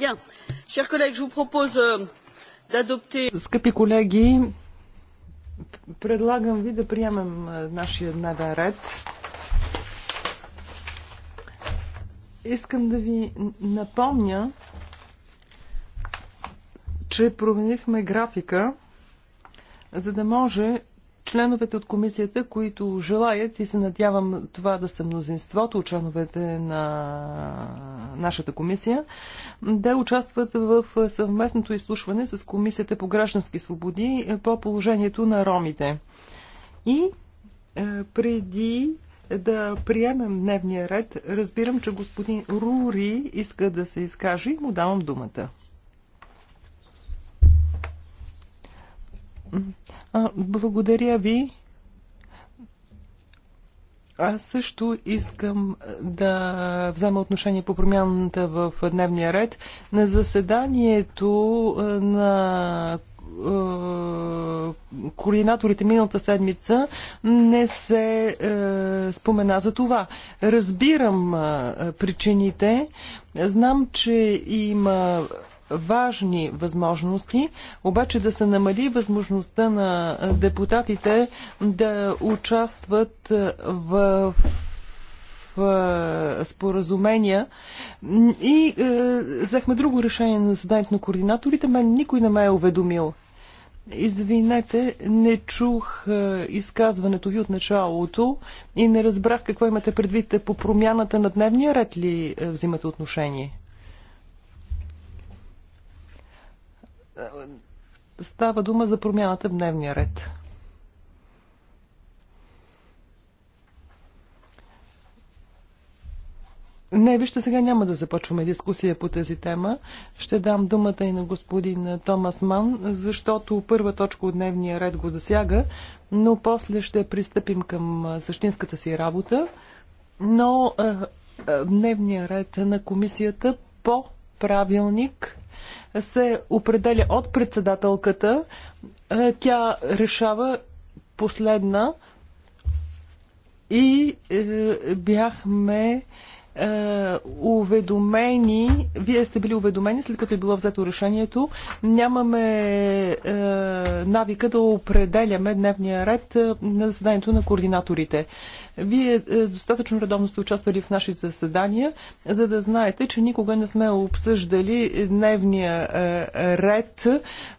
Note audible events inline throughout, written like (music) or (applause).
Euh, Скъпи колеги, предлагам ви да приемем нашия дневен ред. Искам да ви напомня, че променихме графика, за да може членовете от комисията, които желаят и се надявам това да са мнозинството от членовете на нашата комисия, да участват в съвместното изслушване с комисията по граждански свободи по положението на ромите. И е, преди да приемем дневния ред, разбирам, че господин Рури иска да се изкаже и му давам думата. Благодаря ви. Аз също искам да взема отношение по промяната в дневния ред. На заседанието на координаторите миналата седмица не се е, спомена за това. Разбирам е, причините. Знам, че има важни възможности, обаче да се намали възможността на депутатите да участват в споразумения и е, взехме друго решение на заседанието на координаторите. Мен никой не ме е уведомил. Извинете, не чух е, изказването ви от началото и не разбрах какво имате предвид по промяната на дневния ред ли е, взимате отношение. Става дума за промяната в дневния ред. Не, вижте, сега няма да започваме дискусия по тази тема. Ще дам думата и на господин Томас Ман, защото първа точка от дневния ред го засяга, но после ще пристъпим към същинската си работа. Но дневния ред на комисията по правилник се определя от председателката. Е, тя решава последна и е, бяхме е, уведомени, вие сте били уведомени, след като е било взето решението, нямаме е, навика да определяме дневния ред е, на заседанието на координаторите. Вие е, достатъчно редовно сте участвали в наши заседания, за да знаете, че никога не сме обсъждали дневния ред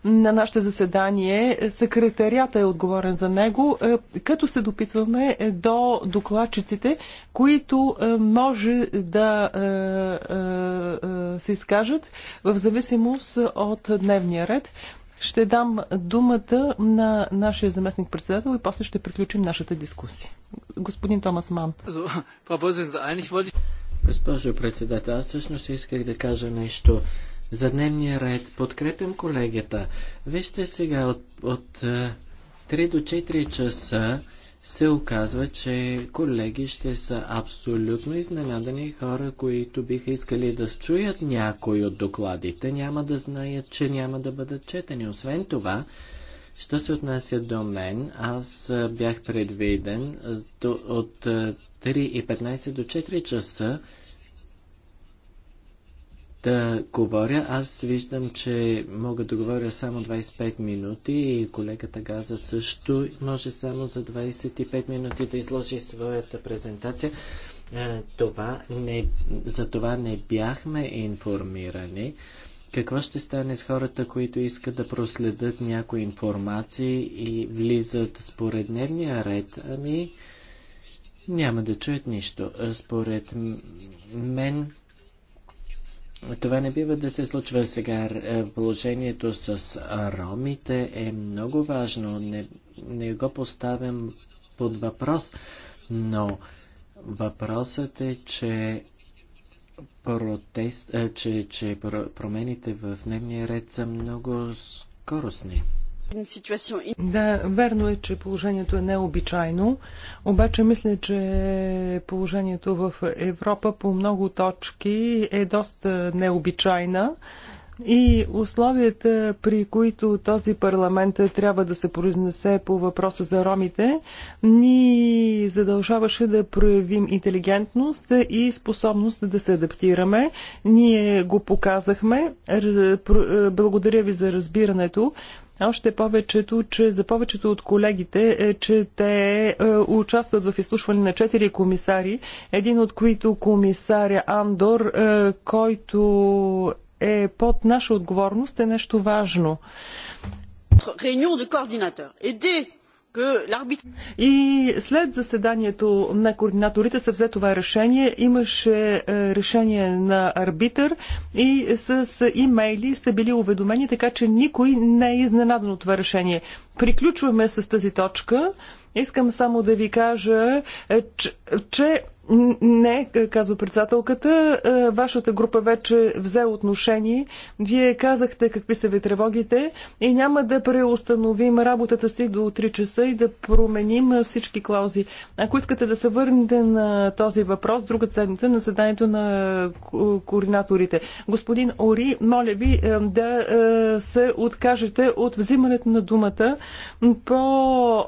на нашите заседание. Секретарията е отговорен за него, като се допитваме до докладчиците, които може да е, е, се изкажат в зависимост от дневния ред. Ще дам думата на нашия заместник председател и после ще приключим нашата дискусия. Господин Томас Ман. Госпожо председател, аз всъщност исках да кажа нещо за дневния ред. Подкрепям колегата. Вижте сега от, от 3 е, до 4 часа се оказва, че колеги ще са абсолютно изненадани хора, които биха искали да чуят някой от докладите, няма да знаят, че няма да бъдат четени. Освен това, що се отнася до мен, аз бях предвиден от 3.15 до 4 часа да говоря. Аз виждам, че мога да говоря само 25 минути и колегата Газа също може само за 25 минути да изложи своята презентация. Е, това не, за това не бяхме информирани. Какво ще стане с хората, които искат да проследят някои информации и влизат според дневния ред? Ами, няма да чуят нищо. Според мен, това не бива да се случва сега. Е, положението с ромите е много важно. Не, не го поставям под въпрос, но въпросът е, че протест, е, че, че промените в дневния ред са много скоростни. Да, верно е, че положението е необичайно, обаче мисля, че положението в Европа по много точки е доста необичайна и условията, при които този парламент трябва да се произнесе по въпроса за ромите, ни задължаваше да проявим интелигентност и способност да се адаптираме. Ние го показахме. Благодаря ви за разбирането. Още повечето, че за повечето от колегите, е, че те е, участват в изслушване на четири комисари, един от които комисаря Андор, е, който е под наша отговорност, е нещо важно. Реюнион de координатор. Et и след заседанието на координаторите се взе това решение. Имаше е, решение на арбитър и с имейли сте били уведомени, така че никой не е изненадан от това решение. Приключваме с тази точка. Искам само да ви кажа, е, че не, казва председателката. Е, вашата група вече взе отношение. Вие казахте какви са ви тревогите и няма да преустановим работата си до 3 часа и да променим всички клаузи. Ако искате да се върнете на този въпрос, друга седмица на заданието на координаторите. Господин Ори, моля ви е, да е, се откажете от взимането на думата по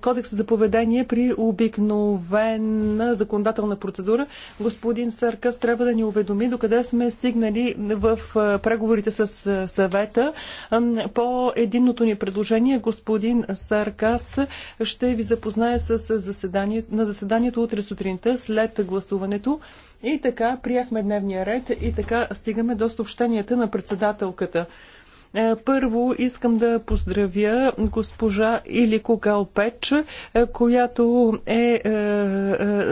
кодекс за поведение при обикновен на законодателна процедура. Господин Саркас трябва да ни уведоми докъде сме стигнали в преговорите с съвета. По единното ни предложение господин Саркас ще ви запознае с заседание, на заседанието утре сутринта след гласуването. И така приехме дневния ред и така стигаме до съобщенията на председателката. Е, първо искам да поздравя госпожа Илико Галпеч, е, която е, е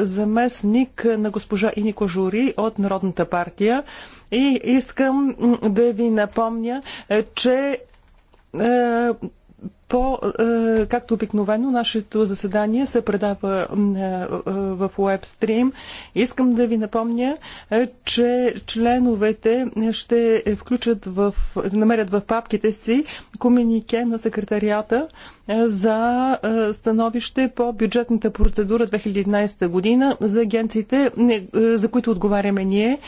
заместник на госпожа Инико Жури от Народната партия. И искам да ви напомня, че по, е, както обикновено, нашето заседание се предава е, в уебстрим. Искам да ви напомня, е, че членовете ще включат в, намерят в папките си комунике на секретарията за становище по бюджетната процедура 2011 година за агенциите, за които отговаряме ние.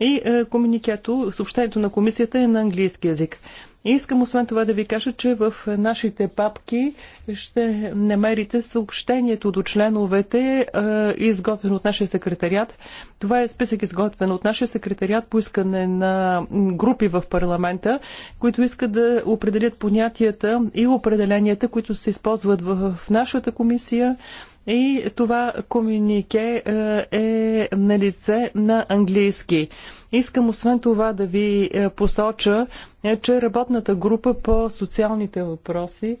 И комуникето, съобщението на комисията е на английски язик. И искам освен това да ви кажа, че в нашите папки ще намерите съобщението до членовете, е, изготвено от нашия секретариат. Това е списък изготвен от нашия секретариат по искане на групи в парламента, които искат да определят понятията и определенията, които се използват в нашата комисия, и това комюнике е, е на лице на английски. Искам освен това да ви е, посоча, е, че работната група по социалните въпроси,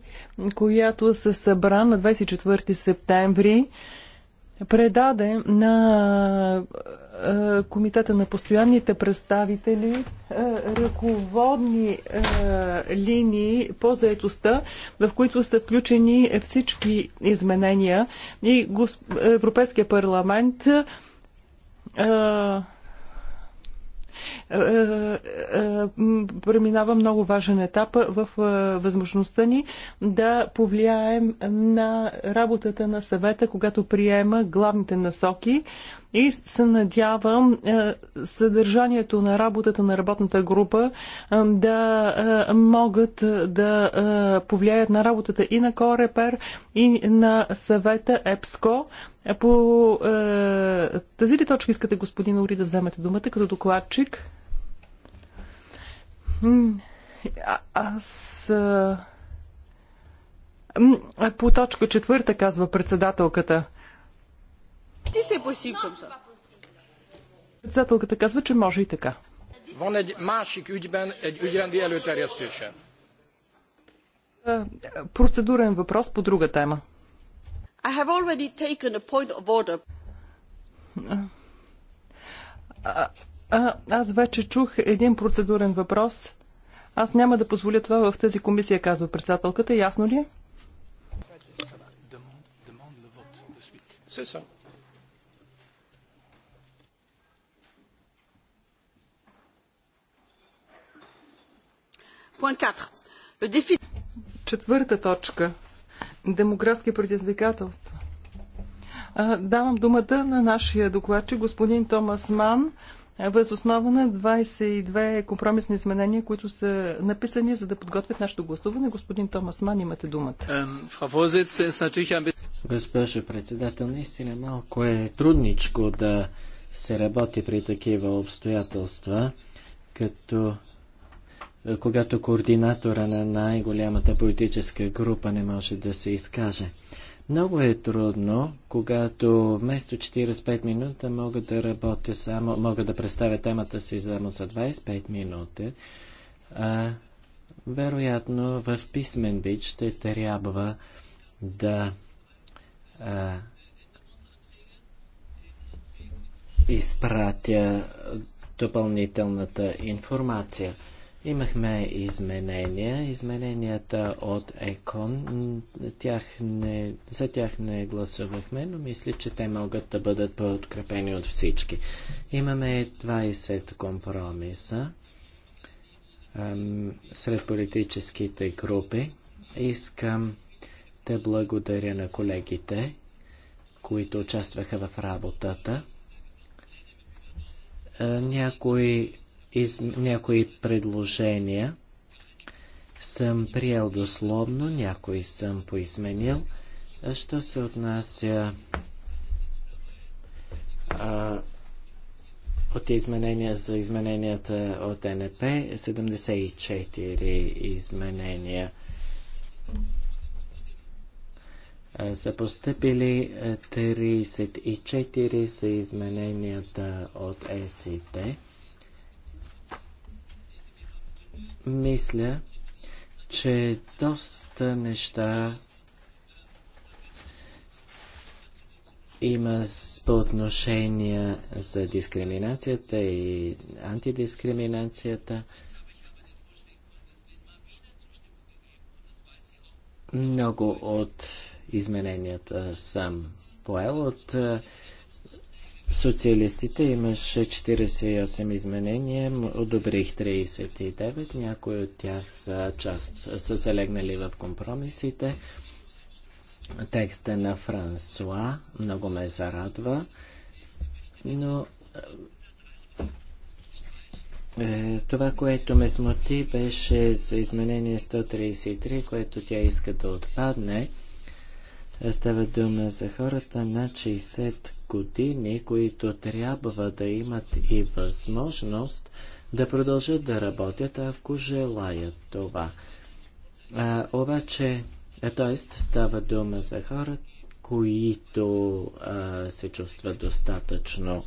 която се събра на 24 септември, предаде на е, Комитета на постоянните представители е, ръководни е, линии по заетостта, в които са включени всички изменения и Европейския парламент преминава много важен етап в възможността ни да повлияем на работата на съвета, когато приема главните насоки и се надявам е, съдържанието на работата на работната група е, да е, могат да повлияят на работата и на Корепер, и на съвета ЕПСКО. По тази ли точка искате, господин Ори, да вземете думата като докладчик? аз. По точка четвърта, казва председателката. Si c'est possible към това. Председателката казва, че може и така. Е, процедурен въпрос по друга тема. I have already taken a point of order. Е, а, аз вече чух един процедурен въпрос. Аз няма да позволя това в тази комисия, казва председателката. Ясно ли е? C'est ça. Четвърта точка. Демографски предизвикателства. Давам думата на нашия докладчик, господин Томас Ман, въз основа на 22 компромисни изменения, които са написани, за да подготвят нашето гласуване. Господин Томас Ман, имате думата. Госпожо председател, наистина малко е трудничко да се работи при такива обстоятелства, като когато координатора на най-голямата политическа група не може да се изкаже. Много е трудно, когато вместо 45 минута мога да работя само, мога да представя темата си само за 25 минути. А, вероятно в писмен вид ще трябва да а, изпратя допълнителната информация. Имахме изменения. Измененията от ЕКОН, тях не, за тях не гласувахме, но мисля, че те могат да бъдат подкрепени от всички. Имаме 20 компромиса ам, сред политическите групи. Искам да благодаря на колегите, които участваха в работата. Е, някои из... някои предложения съм приел дословно, някои съм поизменил. Що се отнася а, от изменения за измененията от НП, 74 изменения са постъпили 34 са измененията от СИТ мисля, че доста неща има по отношение за дискриминацията и антидискриминацията. Много от измененията съм поел от Социалистите имаше 48 изменения, одобрих 39, някои от тях са, част, са залегнали в компромисите. Текста на Франсуа много ме зарадва, но е, това, което ме смути, беше за изменение 133, което тя иска да отпадне. Става дума за хората на 60 години, които трябва да имат и възможност да продължат да работят, ако желаят това. А, обаче, т.е. става дума за хора, които а, се чувстват достатъчно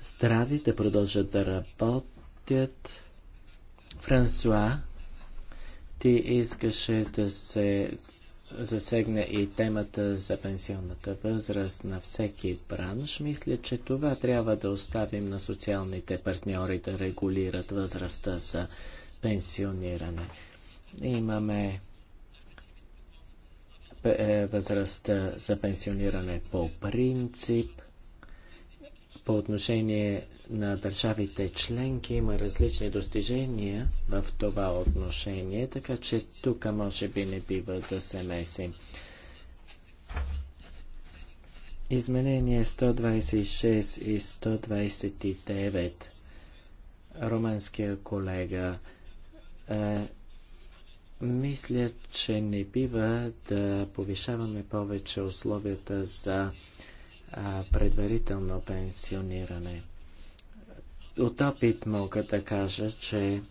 здрави да продължат да работят. Франсуа, ти искаше да се засегна и темата за пенсионната възраст на всеки бранш, мисля, че това трябва да оставим на социалните партньори да регулират възрастта за пенсиониране. Имаме е, възрастта за пенсиониране по принцип. По отношение на държавите членки има различни достижения в това отношение, така че тук може би не бива да се месим. Изменение 126 и 129. Романския колега. Е, мисля, че не бива да повишаваме повече условията за предварително пенсиониране от опит мога да кажа, че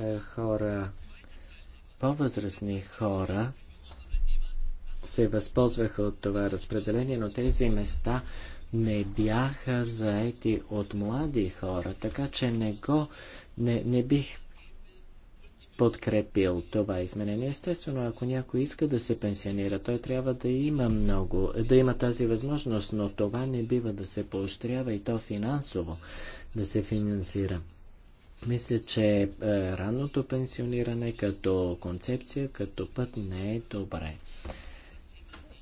е, хора, по-възрастни хора се възползваха от това разпределение, но тези места не бяха заети от млади хора, така че не, го, не, не бих подкрепил това изменение. Естествено, ако някой иска да се пенсионира, той трябва да има много, да има тази възможност, но това не бива да се поощрява и то финансово да се финансира. Мисля, че е, ранното пенсиониране като концепция, като път не е добре.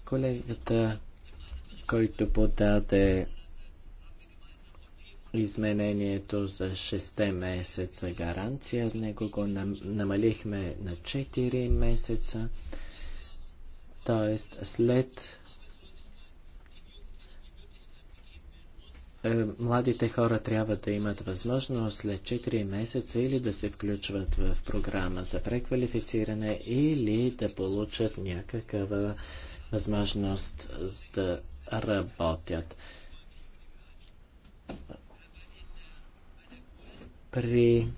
Колегата, който подаде изменението за 6 месеца гаранция. Него го намалихме на 4 месеца. Тоест след е, младите хора трябва да имат възможност след 4 месеца или да се включват в програма за преквалифициране или да получат някаква възможност да работят. При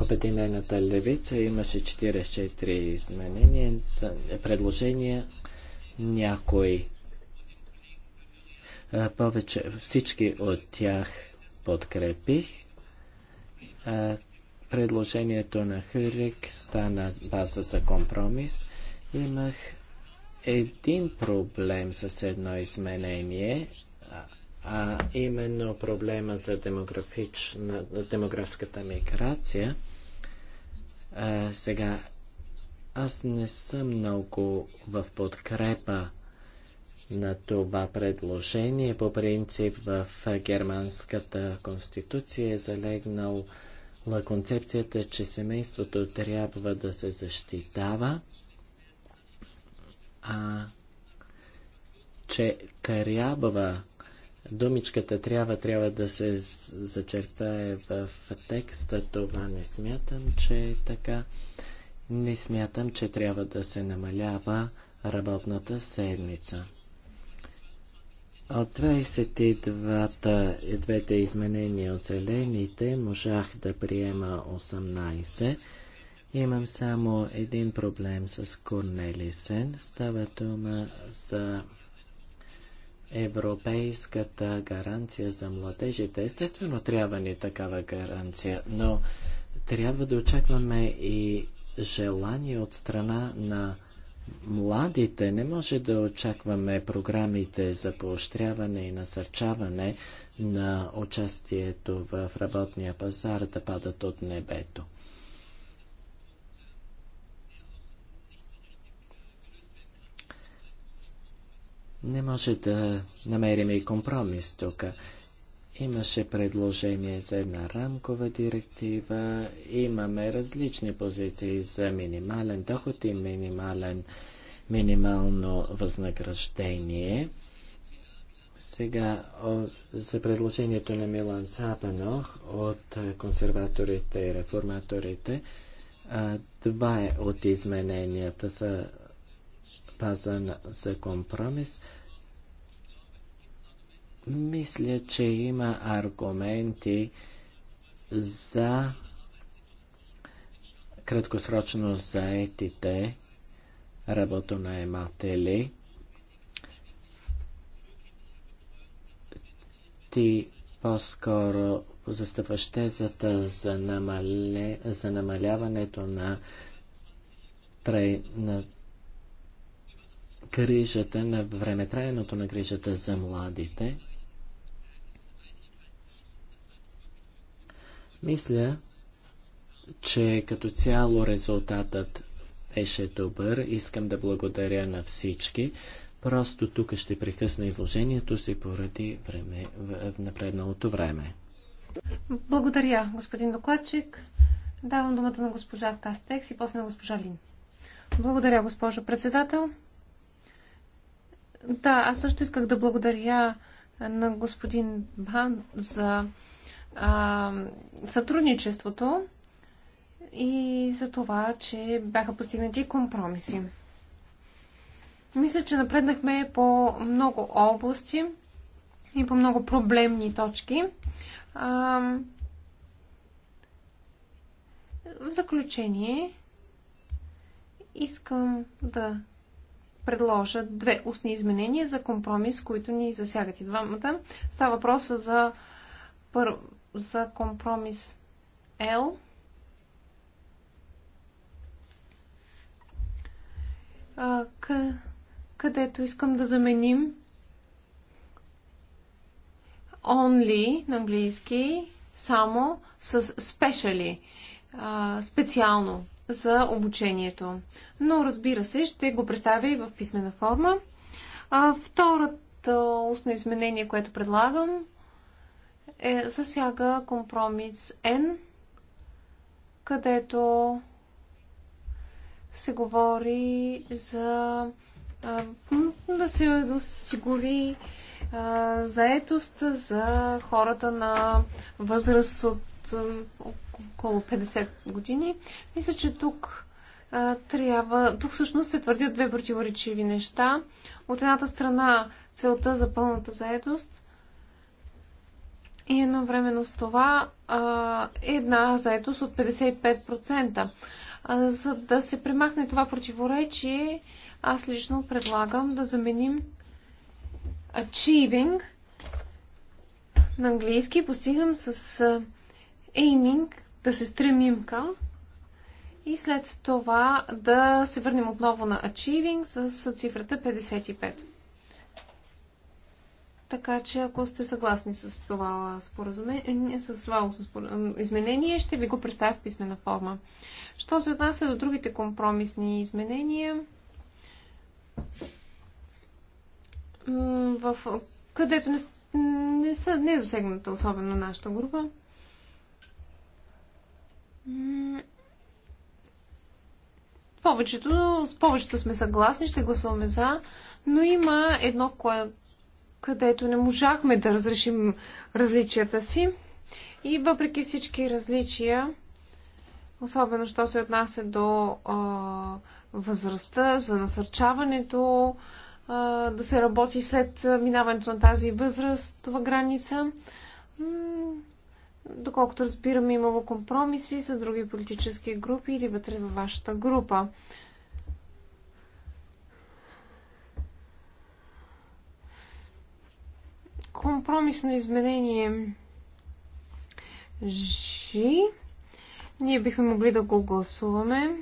Обединената левица имаше 44 изменения, предложения, някои повече всички от тях подкрепих. Предложението на Хюрик стана база за компромис. Имах един проблем с едно изменение, а именно проблема за демографската миграция. А, сега, аз не съм много в подкрепа на това предложение. По принцип в германската конституция е залегнал на концепцията, че семейството трябва да се защитава, а че трябва Думичката трябва, трябва да се зачертае в текста. Това не смятам, че е така. Не смятам, че трябва да се намалява работната седмица. От 22-та изменения от зелените можах да приема 18. Имам само един проблем с Корнелисен. Става дума за европейската гаранция за младежите. Естествено, трябва ни такава гаранция, но трябва да очакваме и желание от страна на младите. Не може да очакваме програмите за поощряване и насърчаване на участието в работния пазар да падат от небето. Не може да намерим и компромис тук. Имаше предложение за една рамкова директива, имаме различни позиции за минимален доход и минимален, минимално възнаграждение. Сега о, за предложението на Милан Цапанох от консерваторите и реформаторите. А, два е от измененията са пазан за компромис. Мисля, че има аргументи за краткосрочно заетите работонаематели. Ти по-скоро застъпваш тезата за, намале, за намаляването на, тре, на грижата, на времетраеното на грижата за младите, мисля, че като цяло резултатът беше добър. Искам да благодаря на всички. Просто тук ще прекъсна изложението си поради време, в напредналото време. Благодаря, господин докладчик. Давам думата на госпожа Кастекс и после на госпожа Лин. Благодаря, госпожо председател. Да, аз също исках да благодаря на господин Бан за а, сътрудничеството и за това, че бяха постигнати компромиси. Мисля, че напреднахме по много области и по много проблемни точки. А, в заключение искам да предложа две устни изменения за компромис, които ни засягат и двамата. Става въпрос за, пър... за компромис L. където искам да заменим only на английски само с specially, специално за обучението. Но разбира се, ще го представя и в писмена форма. А, второто устно изменение, което предлагам, е, засяга компромис N, където се говори за а, да се осигури заетост за хората на възраст от около 50 години. Мисля, че тук а, трябва. Тук всъщност се твърдят две противоречиви неща. От едната страна целта за пълната заедост и едновременно с това а, една заедост от 55%. А, за да се премахне това противоречие, аз лично предлагам да заменим achieving на английски постигам с aiming да се стремим към и след това да се върнем отново на Achieving с цифрата 55. Така че, ако сте съгласни с това, споразумение, с това изменение, ще ви го представя в писмена форма. Що се отнася до другите компромисни изменения, в, където не, не, са, не е засегната особено нашата група, повечето, с повечето сме съгласни, ще гласуваме за, но има едно, кое, където не можахме да разрешим различията си. И въпреки всички различия, особено що се отнася до а, възрастта, за насърчаването, а, да се работи след минаването на тази възрастова граница, доколкото разбирам, имало компромиси с други политически групи или вътре във вашата група. Компромисно изменение Ж. Ние бихме могли да го гласуваме.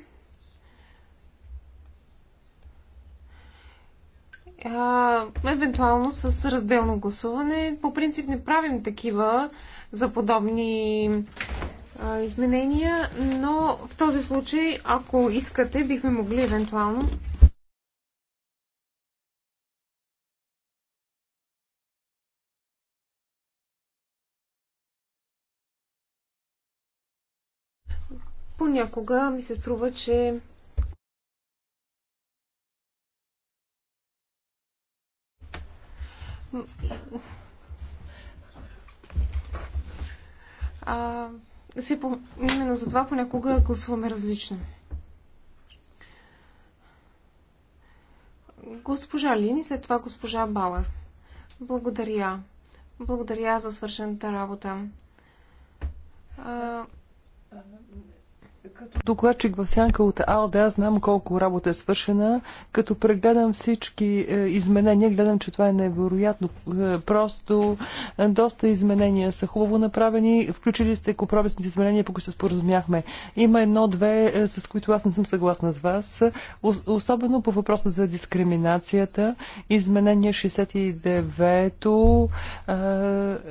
А, евентуално с разделно гласуване. По принцип не правим такива за подобни а, изменения, но в този случай, ако искате, бихме могли евентуално понякога ми се струва, че а, се, именно за това понякога гласуваме различно. Госпожа Лини, след това госпожа Бауер. Благодаря. Благодаря за свършената работа. А, като докладчик в сянка от АЛДА аз знам колко работа е свършена. Като прегледам всички е, изменения, гледам, че това е невероятно е, просто. Е, доста изменения са хубаво направени. Включили сте компромисните изменения, по които се споразумяхме. Има едно-две, е, с които аз не съм съгласна с вас. О, особено по въпроса за дискриминацията. Изменение 69-то. Е,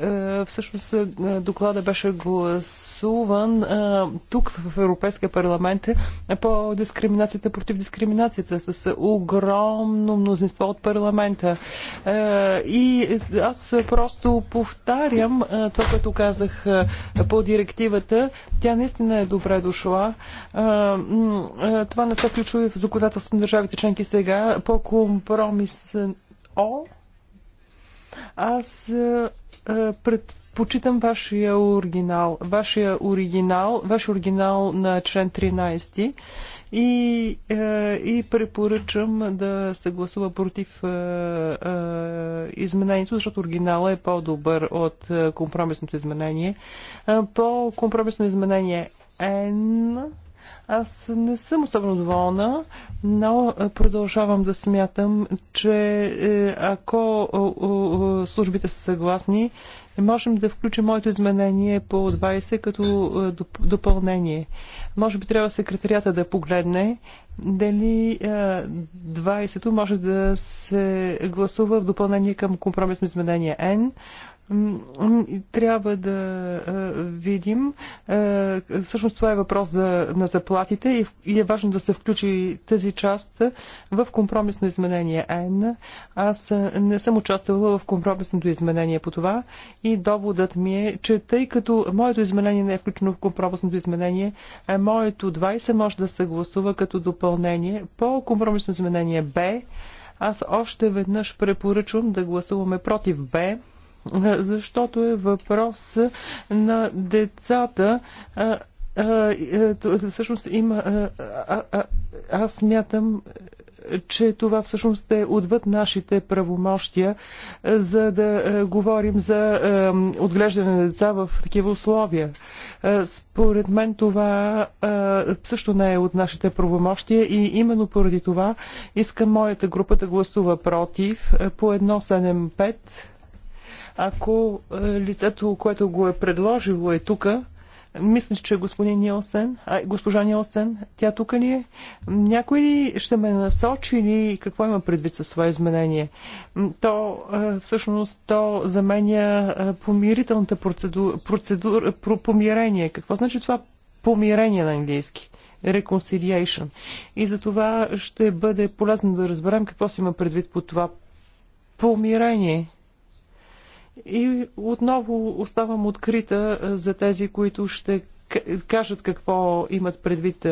е, всъщност е, доклада беше гласуван е, тук в Европейска Европейския парламент е по дискриминацията против дискриминацията с огромно мнозинство от парламента. Е, и аз просто повтарям е, това, което казах по директивата. Тя наистина е добре дошла. Това не се включва в законодателство на държавите членки сега по компромис О. Аз предполагам, Почитам вашия оригинал, вашия оригинал, ваш оригинал на член 13 и, е, и препоръчам да се гласува против е, е, изменението, защото оригиналът е по-добър от е, компромисното изменение. Е, По компромисно изменение N аз не съм особено доволна, но е, продължавам да смятам, че е, ако е, службите са съгласни, можем да включим моето изменение по 20 като допълнение. Може би трябва секретарията да погледне дали 20-то може да се гласува в допълнение към компромисно изменение N трябва да видим. Всъщност това е въпрос за, на заплатите и е важно да се включи тази част в компромисно изменение Н. Аз не съм участвала в компромисното изменение по това и доводът ми е, че тъй като моето изменение не е включено в компромисното изменение, а моето 20 може да се гласува като допълнение по компромисно изменение Б. Аз още веднъж препоръчвам да гласуваме против Б (laughs) защото е въпрос на децата. Е, всъщност има. аз смятам, че това всъщност е отвъд нашите правомощия, е, за да е, говорим за отглеждане на деца в такива условия. Според мен това също не е от нашите правомощия и именно поради това искам моята група да гласува против по 175. Ако е, лицето, което го е предложило е тук, мисля, че господин Ниосен, а, госпожа Ниосен, тя тук ни е? Някой ли ще ме насочи или какво има предвид с това изменение? То, е, всъщност, то заменя е, помирителната процедура, процедур, про помирение. Какво значи това помирение на английски? Reconciliation. И за това ще бъде полезно да разберем какво си има предвид по това помирение. И отново оставам открита за тези, които ще кажат какво имат предвид.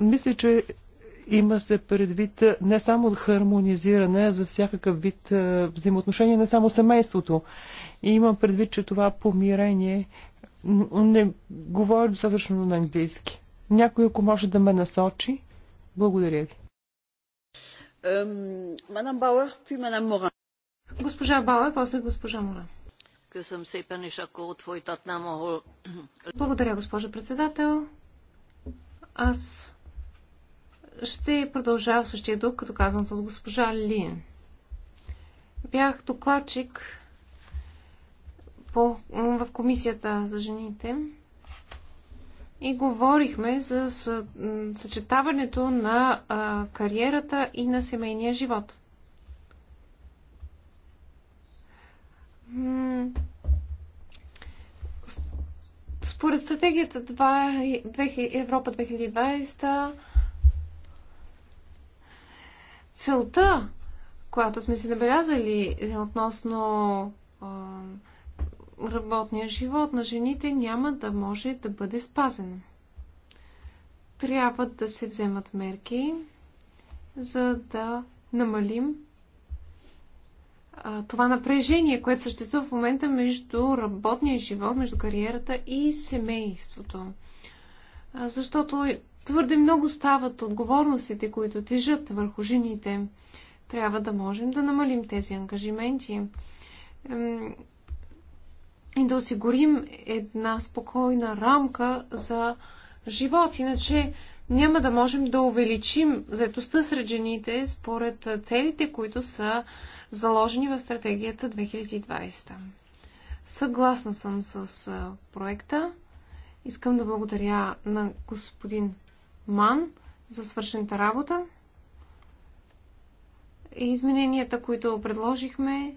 Мисля, че има се предвид не само хармонизиране за всякакъв вид взаимоотношения, не само семейството. И имам предвид, че това помирение не говори достатъчно на английски. Някой, ако може да ме насочи, благодаря ви. Мадам Бауер, puis мадам Моран. Госпожа Бала, после госпожа Мора. Благодаря, госпожо председател. Аз ще продължа в същия дух, като казаното от госпожа Лин. Бях докладчик по, в комисията за жените и говорихме за съчетаването на а, кариерата и на семейния живот. Според стратегията 2, Европа 2020, целта, която сме си набелязали е относно работния живот на жените няма да може да бъде спазен. Трябва да се вземат мерки, за да намалим това напрежение, което съществува в момента между работния живот, между кариерата и семейството. Защото твърде много стават отговорностите, които тежат върху жените. Трябва да можем да намалим тези ангажименти и да осигурим една спокойна рамка за живот. Иначе няма да можем да увеличим заетостта сред жените според целите, които са заложени в стратегията 2020. Съгласна съм с проекта. Искам да благодаря на господин Ман за свършената работа. Измененията, които предложихме,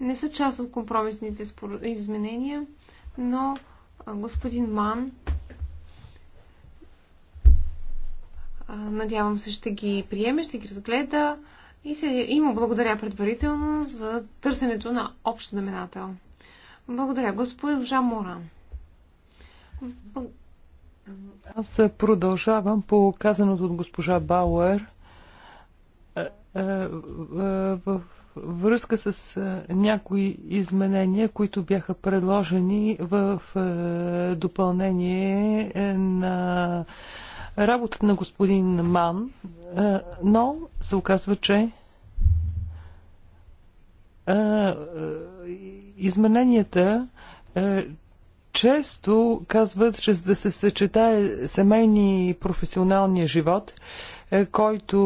не са част от компромисните изменения, но господин Ман надявам се ще ги приеме, ще ги разгледа и, се, има благодаря предварително за търсенето на общ знаменател. Благодаря, госпожа Моран. Аз продължавам по казаното от госпожа Бауер е, е, в връзка с е, някои изменения, които бяха предложени в допълнение на работата на господин Ман, но се оказва, че измененията често казват, че за да се съчетае семейни и професионалния живот, който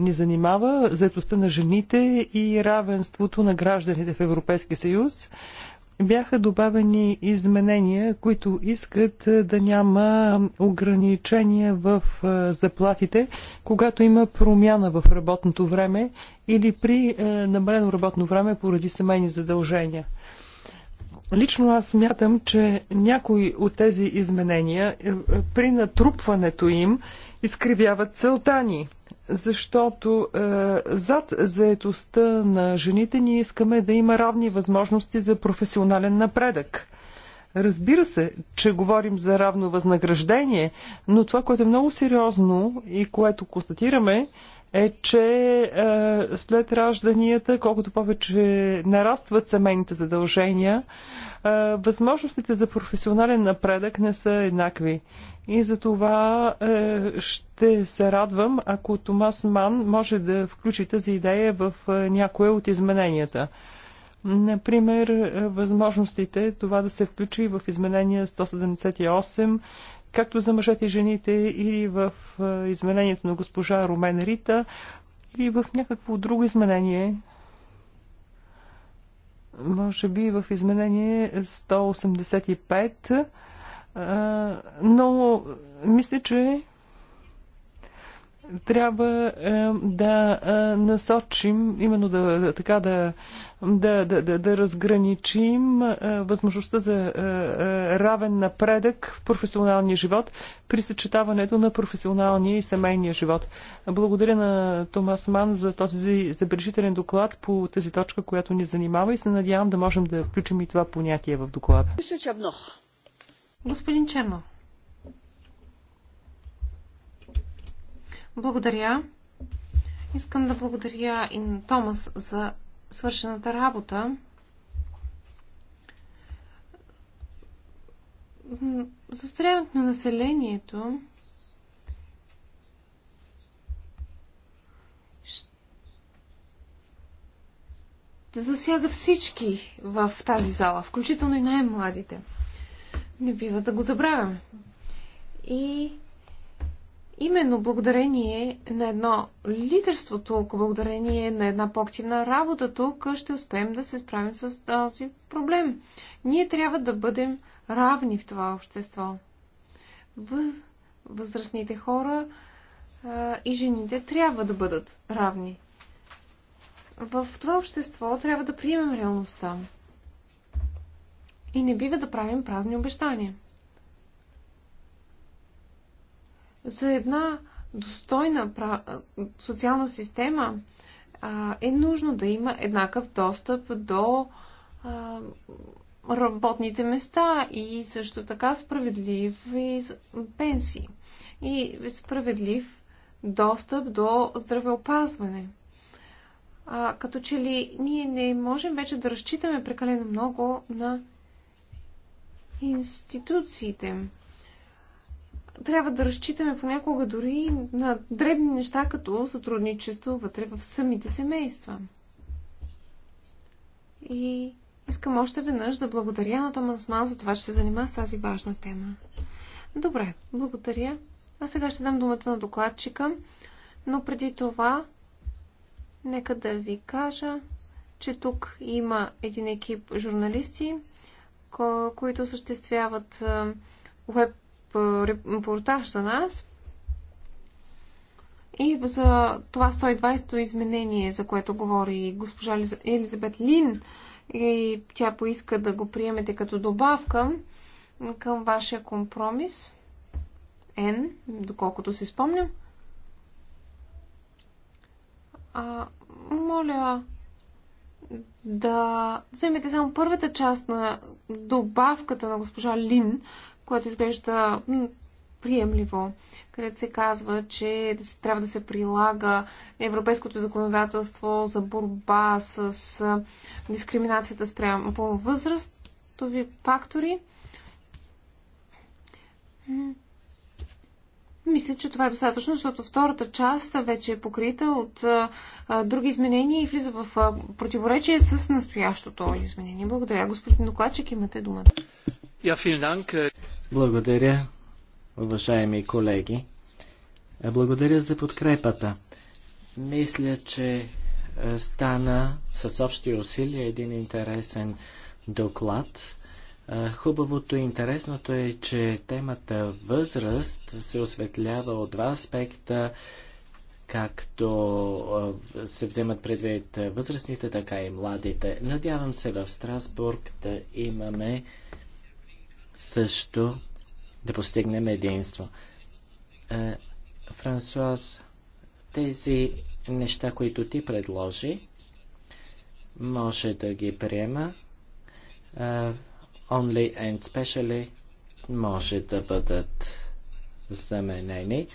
ни занимава, заедостта на жените и равенството на гражданите в Европейския съюз, бяха добавени изменения, които искат да няма ограничения в заплатите, когато има промяна в работното време или при намалено работно време поради семейни задължения. Лично аз смятам, че някои от тези изменения е, е, при натрупването им изкривяват целта ни, защото е, зад заетостта на жените ние искаме да има равни възможности за професионален напредък. Разбира се, че говорим за равно възнаграждение, но това, което е много сериозно и което констатираме, е, че е, след ражданията, колкото повече нарастват семейните задължения, е, възможностите за професионален напредък не са еднакви. И за това е, ще се радвам, ако Томас Ман може да включи тази идея в е, някое от измененията. Например, е, възможностите това да се включи в изменения 178, както за мъжете и жените, или в изменението на госпожа Ромен Рита, или в някакво друго изменение. Може би в изменение 185, но мисля, че трябва да насочим, именно да, така да да, да, да, да разграничим възможността за равен напредък в професионалния живот при съчетаването на професионалния и семейния живот. Благодаря на Томас Ман за този забележителен доклад по тази точка, която ни занимава и се надявам да можем да включим и това понятие в доклада. Е Господин Черно. Благодаря. Искам да благодаря и на Томас за свършената работа. Застряването на населението да засяга всички в тази зала, включително и най-младите. Не бива да го забравяме. И именно благодарение на едно лидерство тук, благодарение на една по-активна работа тук, ще успеем да се справим с този проблем. Ние трябва да бъдем равни в това общество. Въз... Възрастните хора а, и жените трябва да бъдат равни. В това общество трябва да приемем реалността. И не бива да правим празни обещания. за една достойна социална система е нужно да има еднакъв достъп до работните места и също така справедливи пенсии и справедлив достъп до здравеопазване. А, като че ли ние не можем вече да разчитаме прекалено много на институциите трябва да разчитаме понякога дори на дребни неща, като сътрудничество вътре в самите семейства. И искам още веднъж да благодаря на Томас Ман за това, че се занимава с тази важна тема. Добре, благодаря. А сега ще дам думата на докладчика, но преди това нека да ви кажа, че тук има един екип журналисти, които осъществяват веб репортаж за нас и за това 120-то изменение, за което говори госпожа Елизабет Лин и тя поиска да го приемете като добавка към вашия компромис N, доколкото си спомням. А, моля да вземете само първата част на добавката на госпожа Лин което изглежда приемливо, където се казва, че трябва да се прилага европейското законодателство за борба с дискриминацията спрямо по възрастови фактори. Мисля, че това е достатъчно, защото втората част вече е покрита от други изменения и влиза в противоречие с настоящото изменение. Благодаря. Господин докладчик, имате думата. Благодаря, уважаеми колеги. Благодаря за подкрепата. Мисля, че е, стана с общи усилия един интересен доклад. Е, хубавото и интересното е, че темата възраст се осветлява от два аспекта, както е, се вземат предвид възрастните, така и младите. Надявам се в Страсбург да имаме също да постигнем единство. Е, Франсуаз, тези неща, които ти предложи, може да ги приема. Е, Only and specially може да бъдат заменени.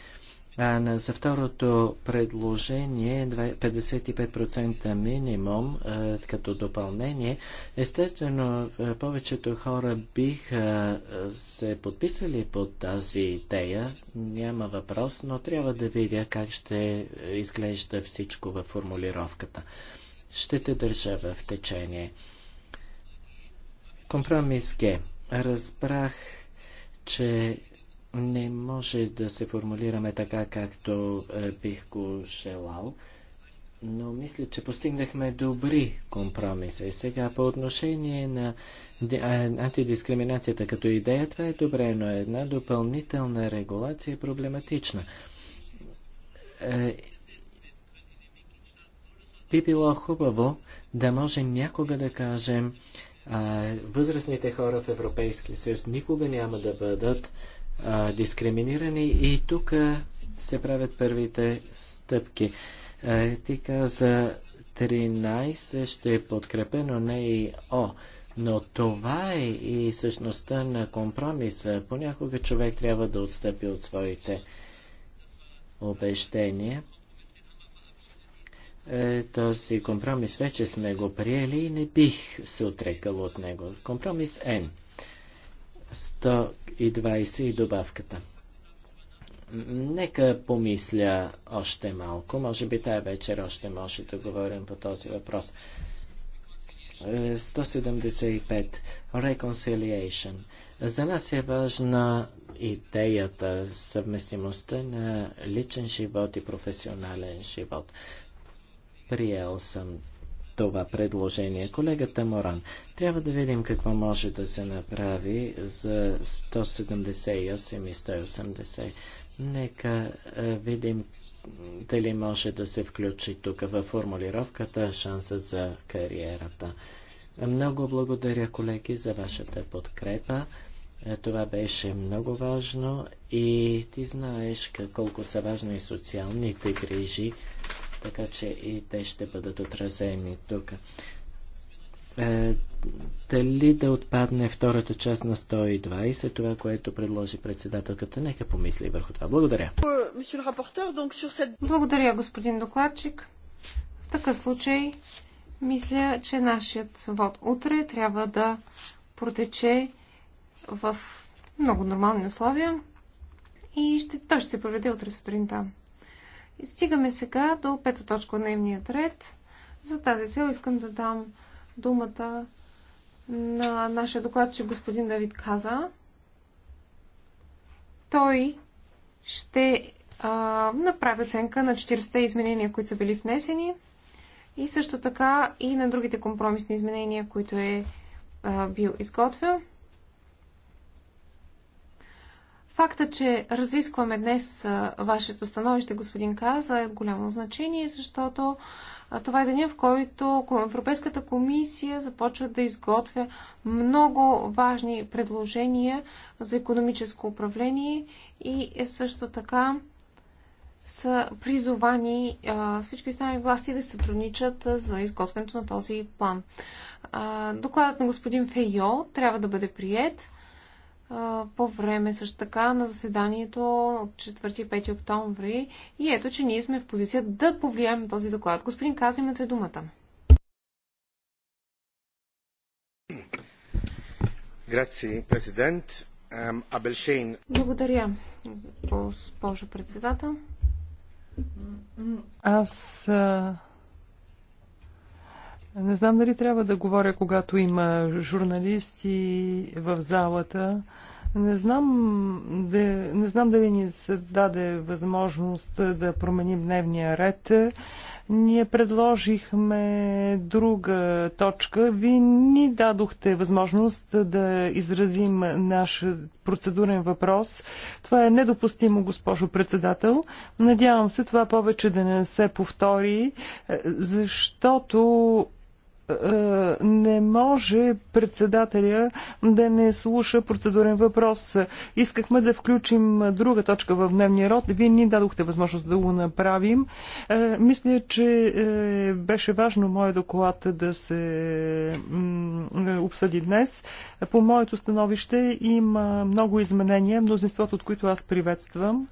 А на, за второто предложение 55% минимум като допълнение. Естествено, повечето хора биха се подписали под тази идея. Няма въпрос, но трябва да видя как ще изглежда всичко във формулировката. Ще те държа в течение. Компромис Г. Разбрах, че не може да се формулираме така, както е, бих го желал, но мисля, че постигнахме добри компромиси. И сега по отношение на антидискриминацията като идея, това е добре, но една допълнителна регулация е проблематична. Е, би било хубаво да може някога да кажем, възрастните хора в Европейския съюз никога няма да бъдат а, дискриминирани и тук се правят първите стъпки. А, ти каза 13 ще е подкрепено, не и О. Но това е и същността на компромиса. Понякога човек трябва да отстъпи от своите обещения. Е, този компромис вече сме го приели и не бих се отрекал от него. Компромис Н. 120 и добавката. Нека помисля още малко. Може би тая вечер още може да говорим по този въпрос. 175. Reconciliation. За нас е важна идеята, съвместимостта на личен живот и професионален живот. Приел съм това предложение. Колегата Моран, трябва да видим какво може да се направи за 178 и 180. Нека видим дали може да се включи тук във формулировката шанса за кариерата. Много благодаря, колеги, за вашата подкрепа. Това беше много важно и ти знаеш колко са важни социалните грижи така че и те ще бъдат отразени тук. Е, дали да отпадне втората част на 120, това, което предложи председателката, нека помисли върху това. Благодаря. Благодаря, господин докладчик. В такъв случай, мисля, че нашият вод утре трябва да протече в много нормални условия и ще, той ще се проведе утре сутринта. И стигаме сега до пета точка от дневния ред. За тази цел искам да дам думата на нашия доклад, че господин Давид Каза. Той ще а, направи оценка на 40-те изменения, които са били внесени и също така и на другите компромисни изменения, които е а, бил изготвил. Факта, че разискваме днес вашето становище, господин Каза, е голямо значение, защото това е деня, в който Европейската комисия започва да изготвя много важни предложения за економическо управление и е също така са призовани всички останали власти да сътрудничат за изготвянето на този план. Докладът на господин Фейо трябва да бъде прият по време също така на заседанието от 4 и 5 октомври. И ето, че ние сме в позиция да повлияем този доклад. Господин Каз, имате думата. Грации, президент. Абелшейн. Благодаря, госпожо председател. Аз а, не знам дали трябва да говоря, когато има журналисти в залата. Не знам, да, не знам дали ни се даде възможност да променим дневния ред. Ние предложихме друга точка. Ви ни дадохте възможност да изразим наш процедурен въпрос. Това е недопустимо, госпожо председател. Надявам се това повече да не се повтори, защото е, не може председателя да не слуша процедурен въпрос. Искахме да включим друга точка в дневния род. Вие ни дадохте възможност да го направим. Е, мисля, че е, беше важно моят доклад да се обсъди днес. По моето становище има много изменения, мнозинството от които аз приветствам.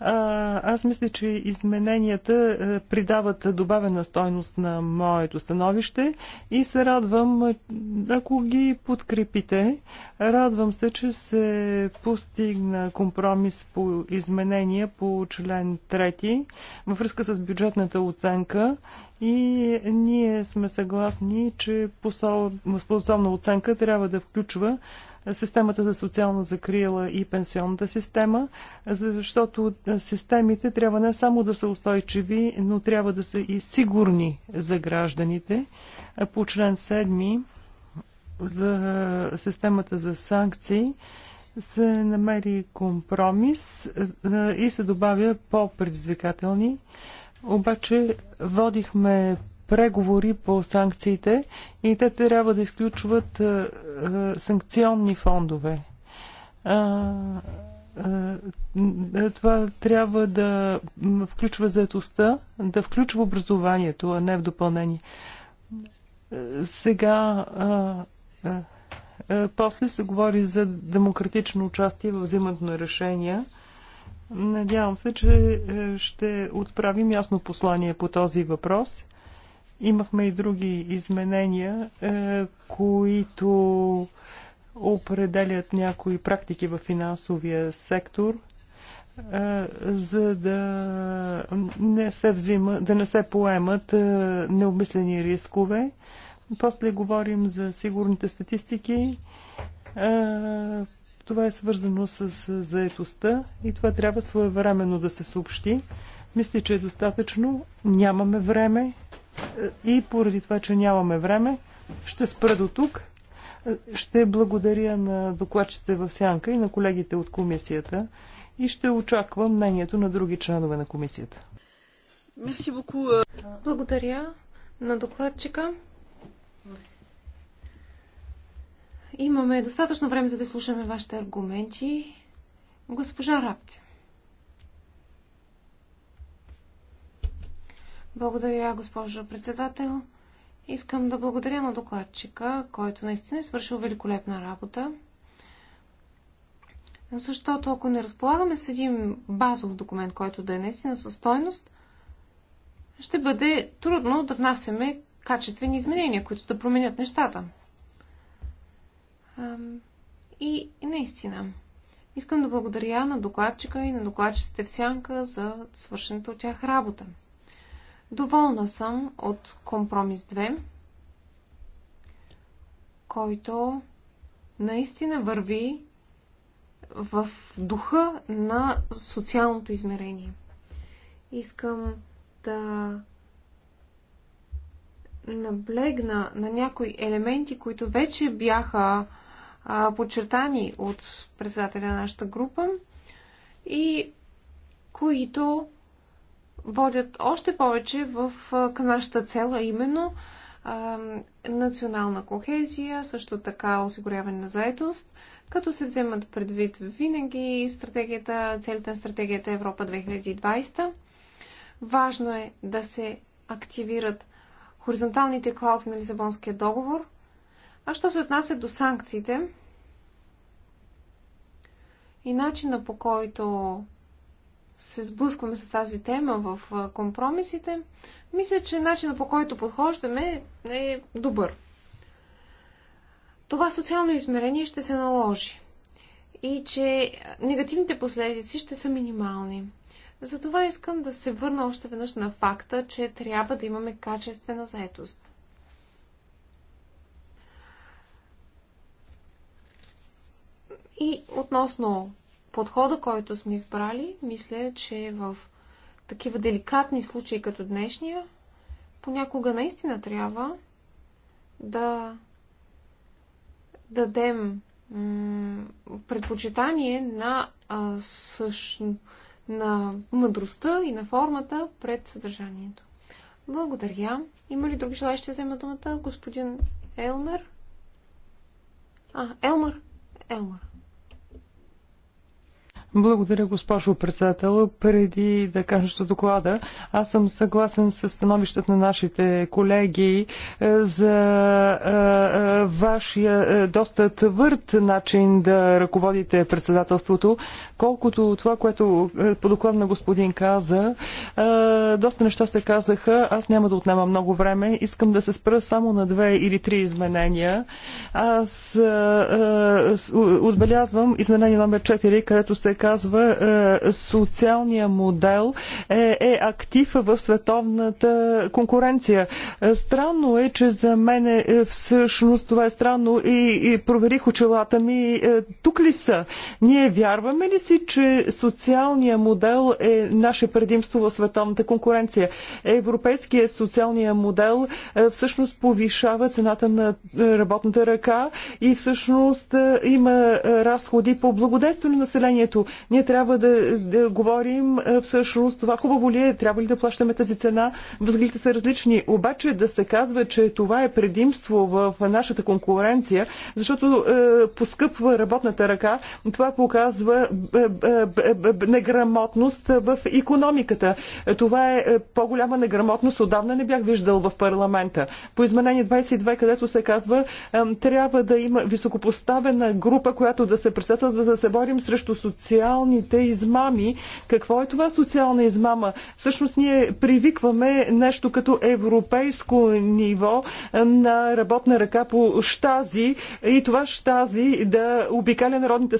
Аз мисля, че измененията придават добавена стойност на моето становище и се радвам, ако ги подкрепите. Радвам се, че се постигна компромис по изменения по член 3 във връзка с бюджетната оценка и ние сме съгласни, че способна оценка трябва да включва системата за социална закрила и пенсионната система, защото системите трябва не само да са устойчиви, но трябва да са и сигурни за гражданите. По член 7 за системата за санкции се намери компромис и се добавя по-предизвикателни. Обаче водихме преговори по санкциите и те трябва да изключват е, е, санкционни фондове. Е, това трябва да включва заетостта, да включва образованието, а не в допълнение. Сега после се говори за демократично участие в взимането на решения. Надявам се, че ще отправим ясно послание по този въпрос. Имахме и други изменения, е, които определят някои практики в финансовия сектор, е, за да не се, взима, да не се поемат е, необмислени рискове. После говорим за сигурните статистики. Това е свързано с заетостта и това трябва своевременно да се съобщи. Мисля, че е достатъчно. Нямаме време. Е, и поради това, че нямаме време, ще спра до тук. Е, ще благодаря на докладчите в Сянка и на колегите от комисията и ще очаквам мнението на други членове на комисията. Е. Благодаря на докладчика. Имаме достатъчно време за да слушаме вашите аргументи. Госпожа Рапти. Благодаря, госпожо председател. Искам да благодаря на докладчика, който наистина е свършил великолепна работа. Защото ако не разполагаме с един базов документ, който да е наистина със стойност, ще бъде трудно да внасяме качествени изменения, които да променят нещата. И наистина, искам да благодаря на докладчика и на докладчиците в Сянка за свършената от тях работа. Доволна съм от компромис 2, който наистина върви в духа на социалното измерение. Искам да наблегна на някои елементи, които вече бяха а, подчертани от председателя на нашата група и които водят още повече в, към нашата цел, а именно а, национална кохезия, също така осигуряване на заетост, като се вземат предвид винаги стратегията, целите на стратегията Европа 2020. Важно е да се активират хоризонталните клаузи на Лизабонския договор. А що се отнася до санкциите и начина по който се сблъскваме с тази тема в компромисите, мисля, че начинът по който подхождаме е добър. Това социално измерение ще се наложи и че негативните последици ще са минимални. Затова искам да се върна още веднъж на факта, че трябва да имаме качествена заетост. И относно подхода, който сме избрали, мисля, че в такива деликатни случаи като днешния, понякога наистина трябва да дадем предпочитание на, а, същ, на мъдростта и на формата пред съдържанието. Благодаря. Има ли други желаящи да вземат думата? Господин Елмер? А, Елмър. Елмър. Благодаря, госпожо председател. Преди да кажа за доклада, аз съм съгласен с становищата на нашите колеги е, за е, е, вашия доста твърд начин да ръководите председателството. Колкото това, което по доклад на господин каза, доста неща се казаха. Аз няма да отнема много време. Искам да се спра само на две или три изменения. Аз отбелязвам изменение номер 4, където се казва е, социалния модел е, е актив в световната конкуренция. Е, странно е, че за мен е, всъщност това е странно и, и проверих очелата ми. Е, тук ли са? Ние вярваме ли си, че социалният модел е наше предимство в световната конкуренция? Европейският социалния модел е, всъщност повишава цената на работната ръка и всъщност има разходи по благодействие на населението. Ние трябва да, да говорим всъщност това хубаво ли е, трябва ли да плащаме тази цена. Възгледите са различни, обаче да се казва, че това е предимство в нашата конкуренция, защото е, поскъпва работната ръка, това показва неграмотност в економиката. Това е, е по-голяма неграмотност. Отдавна не бях виждал в парламента. По изменение 22, където се казва, трябва да има високопоставена група, която да се председателства, за да се борим срещу социалната социалните измами. Какво е това социална измама? Всъщност ние привикваме нещо като европейско ниво на работна ръка по щази и това щази да обикаля народните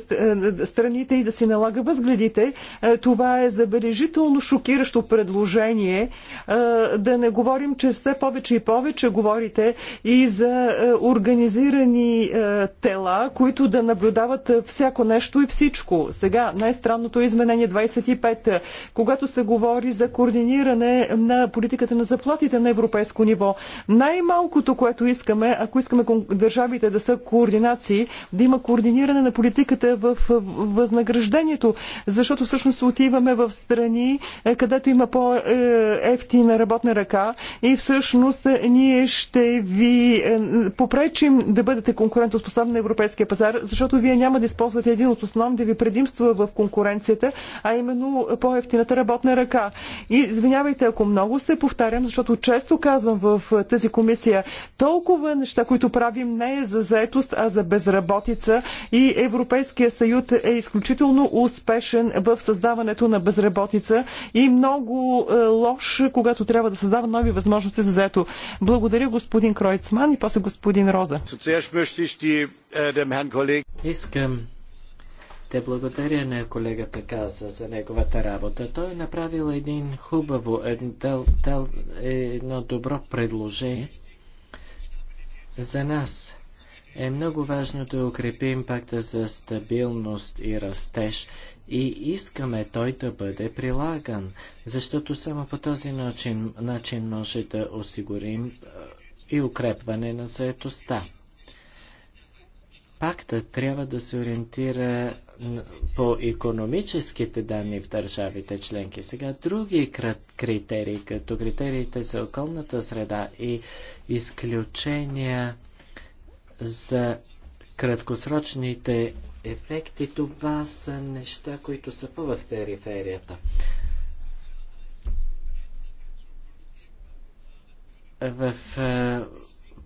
страните и да си налага възгледите. Това е забележително шокиращо предложение. Да не говорим, че все повече и повече говорите и за организирани тела, които да наблюдават всяко нещо и всичко. Сега най-странното изменение 25, когато се говори за координиране на политиката на заплатите на европейско ниво. Най-малкото, което искаме, ако искаме държавите да са координации, да има координиране на политиката в възнаграждението, защото всъщност отиваме в страни, е, където има по-ефтина работна ръка и всъщност е, ние ще ви е, попречим да бъдете конкурентоспособни на европейския пазар, защото вие няма да използвате един от основните ви предимства в конкуренцията, а именно по-ефтината работна ръка. И извинявайте, ако много се повтарям, защото често казвам в тази комисия, толкова неща, които правим не е за заетост, а за безработица и Европейския съюз е изключително успешен в създаването на безработица и много е, лош, когато трябва да създава нови възможности за заето. Благодаря господин Кройцман и после господин Роза. Искам те благодаря на колегата Каза за неговата работа. Той е направил един хубаво, едно, е, едно добро предложение. За нас е много важно да укрепим пакта за стабилност и растеж и искаме той да бъде прилаган, защото само по този начин, начин може да осигурим и укрепване на заетостта. Пактът трябва да се ориентира по економическите данни в държавите членки. Сега други критерии, като критериите за околната среда и изключения за краткосрочните ефекти, това са неща, които са по в периферията. В е,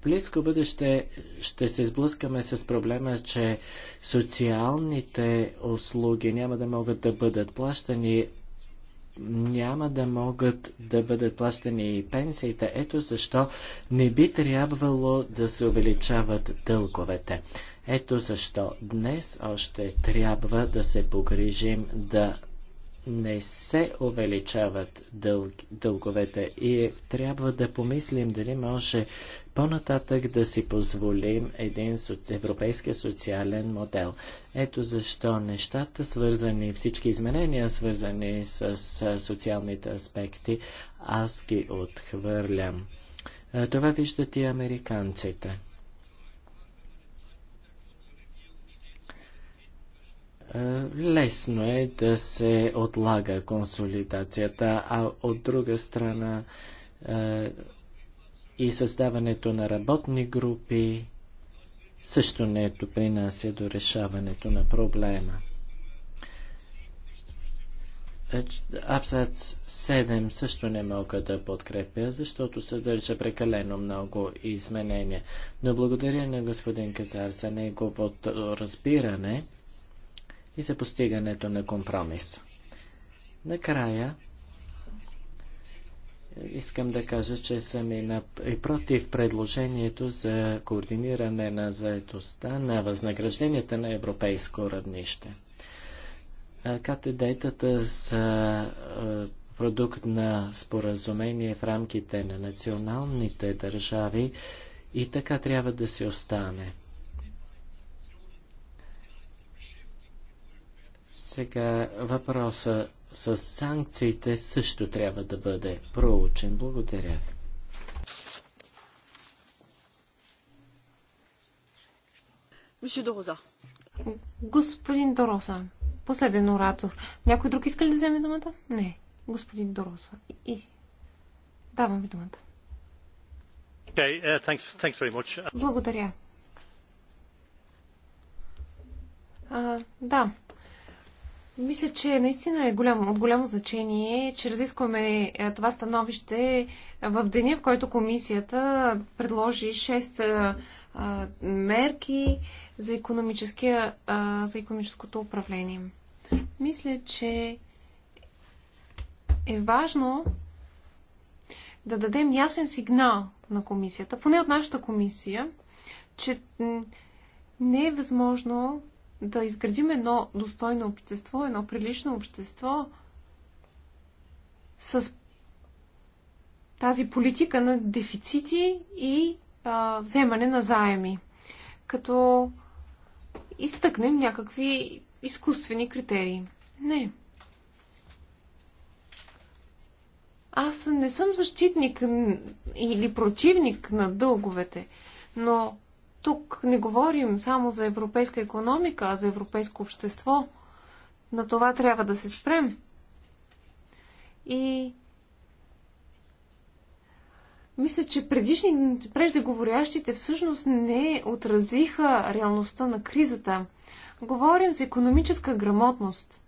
близко бъдеще ще се сблъскаме с проблема, че социалните услуги няма да могат да бъдат плащани няма да могат да бъдат плащани и пенсиите. Ето защо не би трябвало да се увеличават дълговете. Ето защо днес още трябва да се погрижим да не се увеличават дълг, дълговете и трябва да помислим дали може по-нататък да си позволим един соци... европейски социален модел. Ето защо нещата, свързани, всички изменения, свързани с, с социалните аспекти, аз ги отхвърлям. Това виждат и американците. Е, лесно е да се отлага консолидацията, а от друга страна е, и създаването на работни групи също не е допринася до решаването на проблема. Е, абзац 7 също не мога да подкрепя, защото съдържа прекалено много изменения. Но благодаря на господин Казар за неговото разбиране и за постигането на компромис. Накрая, искам да кажа, че съм и, на, и против предложението за координиране на заедостта на възнагражденията на европейско равнище. КТД-тата са продукт на споразумение в рамките на националните държави и така трябва да си остане. Сега въпроса с санкциите също трябва да бъде проучен. Благодаря ви. Господин Дороса, последен оратор. Някой друг иска ли да вземе думата? Не. Господин Дороса. И, Давам ви думата. Okay, uh, thanks, thanks very much. Благодаря. Uh, да. Мисля, че наистина е голям, от голямо значение, че разискваме е, това становище в деня, в който комисията предложи 6 а, е, е, мерки за, а, за економическото управление. Мисля, че е важно да дадем ясен сигнал на комисията, поне от нашата комисия, че не е възможно да изградим едно достойно общество, едно прилично общество с тази политика на дефицити и а, вземане на заеми. Като изтъкнем някакви изкуствени критерии. Не. Аз не съм защитник или противник на дълговете, но тук не говорим само за европейска економика, а за европейско общество. На това трябва да се спрем. И мисля, че предишни, преждеговорящите всъщност не отразиха реалността на кризата. Говорим за економическа грамотност.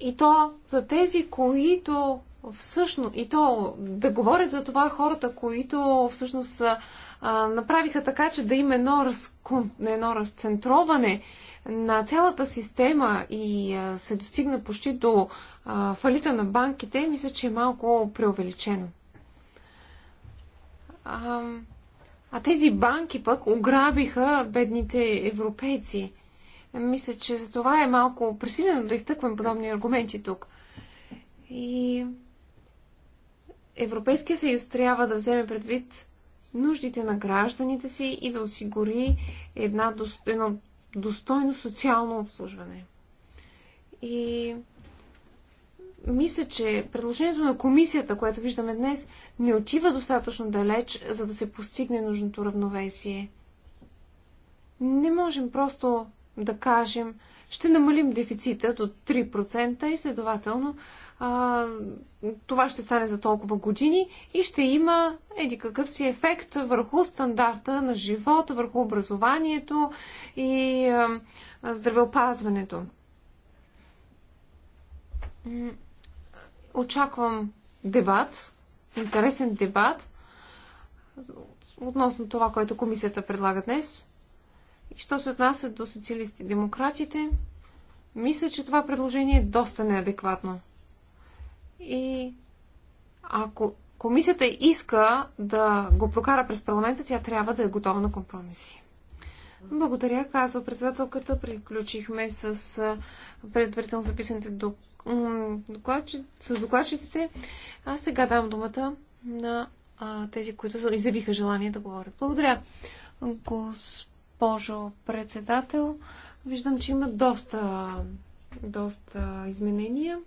И то за тези, които всъщност, и то да говорят за това хората, които всъщност а, направиха така, че да има едно, раз, едно разцентроване на цялата система и а, се достигна почти до а, фалита на банките, мисля, че е малко преувеличено. А, а тези банки пък ограбиха бедните европейци. Мисля, че за това е малко пресилено да изтъквам подобни аргументи тук. И Европейския съюз трябва да вземе предвид нуждите на гражданите си и да осигури една, едно достойно социално обслужване. И мисля, че предложението на комисията, което виждаме днес, не отива достатъчно далеч, за да се постигне нужното равновесие. Не можем просто да кажем, ще намалим дефицита до 3% и следователно а, това ще стане за толкова години и ще има еди какъв си ефект върху стандарта на живота, върху образованието и а, здравеопазването. Очаквам дебат, интересен дебат относно това, което комисията предлага днес. И що се отнася до социалисти-демократите, и мисля, че това предложение е доста неадекватно. И ако комисията иска да го прокара през парламента, тя трябва да е готова на компромиси. Благодаря, казва председателката. Приключихме с предварително записаните докладчи, с докладчиците. А сега дам думата на а, тези, които изявиха желание да говорят. Благодаря, госпожо председател. Виждам, че има доста, доста изменения.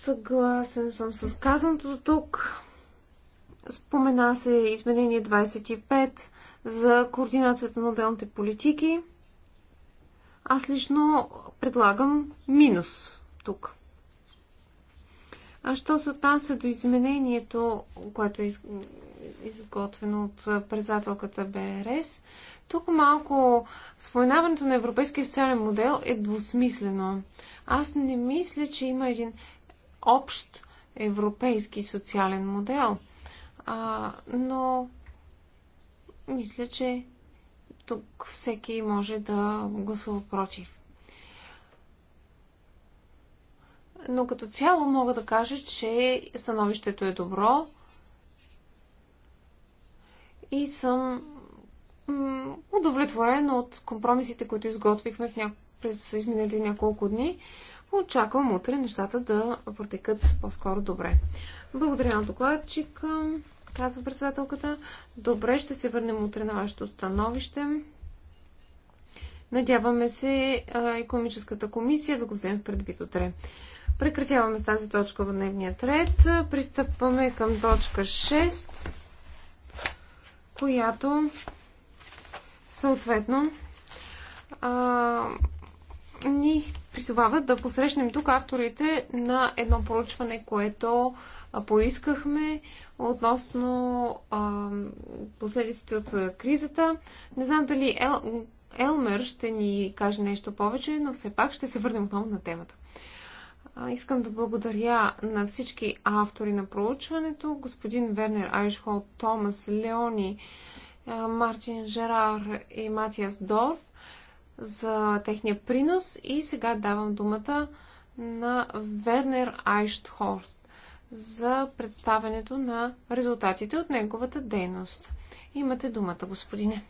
Съгласен съм с казаното тук. Спомена се изменение 25 за координацията на отделните политики. Аз лично предлагам минус тук. А що се отнася до изменението, което е изготвено от презателката БРС, тук малко споменаването на европейския социален модел е двусмислено. Аз не мисля, че има един общ европейски социален модел. А, но мисля, че тук всеки може да гласува против. Но като цяло мога да кажа, че становището е добро и съм удовлетворен от компромисите, които изготвихме в ня... през изминали няколко дни. Очаквам утре нещата да протекат по-скоро добре. Благодаря на докладчик, казва председателката. Добре, ще се върнем утре на вашето становище. Надяваме се економическата комисия да го вземе предвид утре. Прекратяваме с тази точка в дневния ред. Пристъпваме към точка 6, която съответно ни призовават да посрещнем тук авторите на едно поручване, което поискахме относно последиците от кризата. Не знам дали Ел, Елмер ще ни каже нещо повече, но все пак ще се върнем отново на темата. искам да благодаря на всички автори на проучването. Господин Вернер Айшхол, Томас Леони, Мартин Жерар и Матиас Дорф за техния принос и сега давам думата на Вернер Айштхорст за представянето на резултатите от неговата дейност. Имате думата, господине.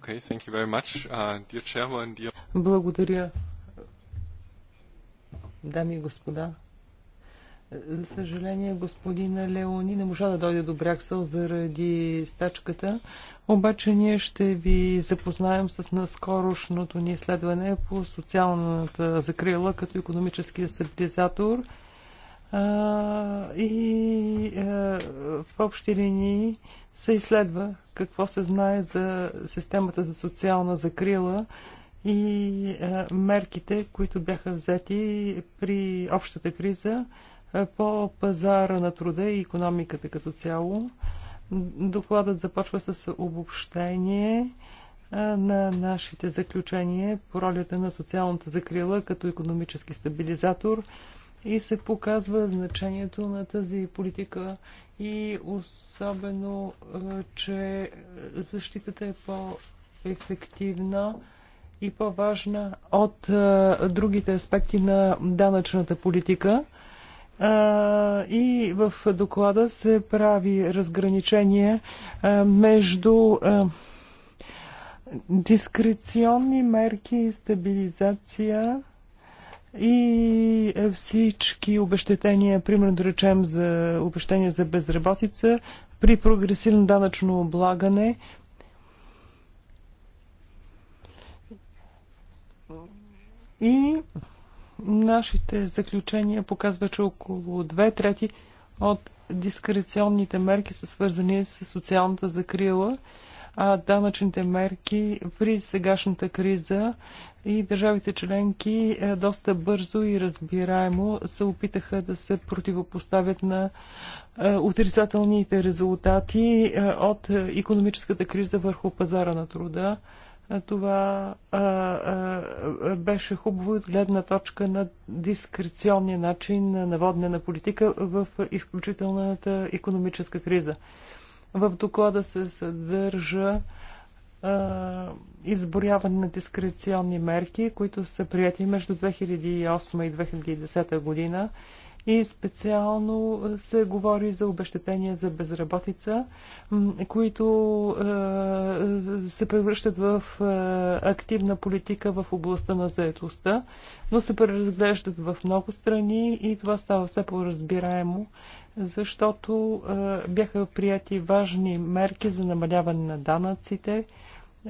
Okay, thank you very much. Uh, dear chairman, dear... Благодаря. Дами и господа, за съжаление, господин Леони не можа да дойде до Бряксел заради стачката, обаче ние ще ви запознаем с наскорошното ни изследване по социалната закрила като економическия стабилизатор. А, и а, в общи линии се изследва какво се знае за системата за социална закрила и а, мерките, които бяха взети при общата криза по пазара на труда и економиката като цяло. Докладът започва с обобщение на нашите заключения по ролята на социалната закрила като економически стабилизатор и се показва значението на тази политика и особено, че защитата е по-ефективна и по-важна от другите аспекти на данъчната политика и в доклада се прави разграничение между дискреционни мерки и стабилизация и всички обещетения, примерно да речем за обещания за безработица, при прогресивно данъчно облагане, и Нашите заключения показват, че около две трети от дискреционните мерки са свързани с социалната закрила, а данъчните мерки при сегашната криза и държавите членки е, доста бързо и разбираемо се опитаха да се противопоставят на е, отрицателните резултати е, от економическата криза върху пазара на труда. Това а, а, беше хубаво от гледна точка на дискреционния начин на водне на политика в изключителната економическа криза. В доклада се съдържа а, изборяване на дискреционни мерки, които са прияти между 2008 и 2010 година и специално се говори за обещетения за безработица, които се превръщат в активна политика в областта на заетостта, но се преразглеждат в много страни и това става все по-разбираемо, защото бяха прияти важни мерки за намаляване на данъците,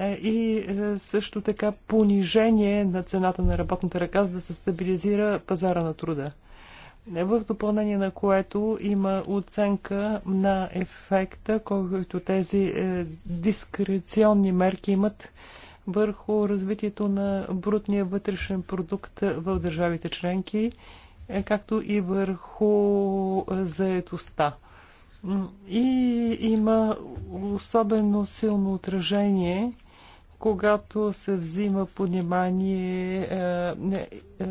и също така понижение на цената на работната ръка, за да се стабилизира пазара на труда в допълнение на което има оценка на ефекта, който тези е, дискреционни мерки имат върху развитието на брутния вътрешен продукт в държавите членки, е, както и върху е, заетостта. И има особено силно отражение – когато се взима понимание е, е, е,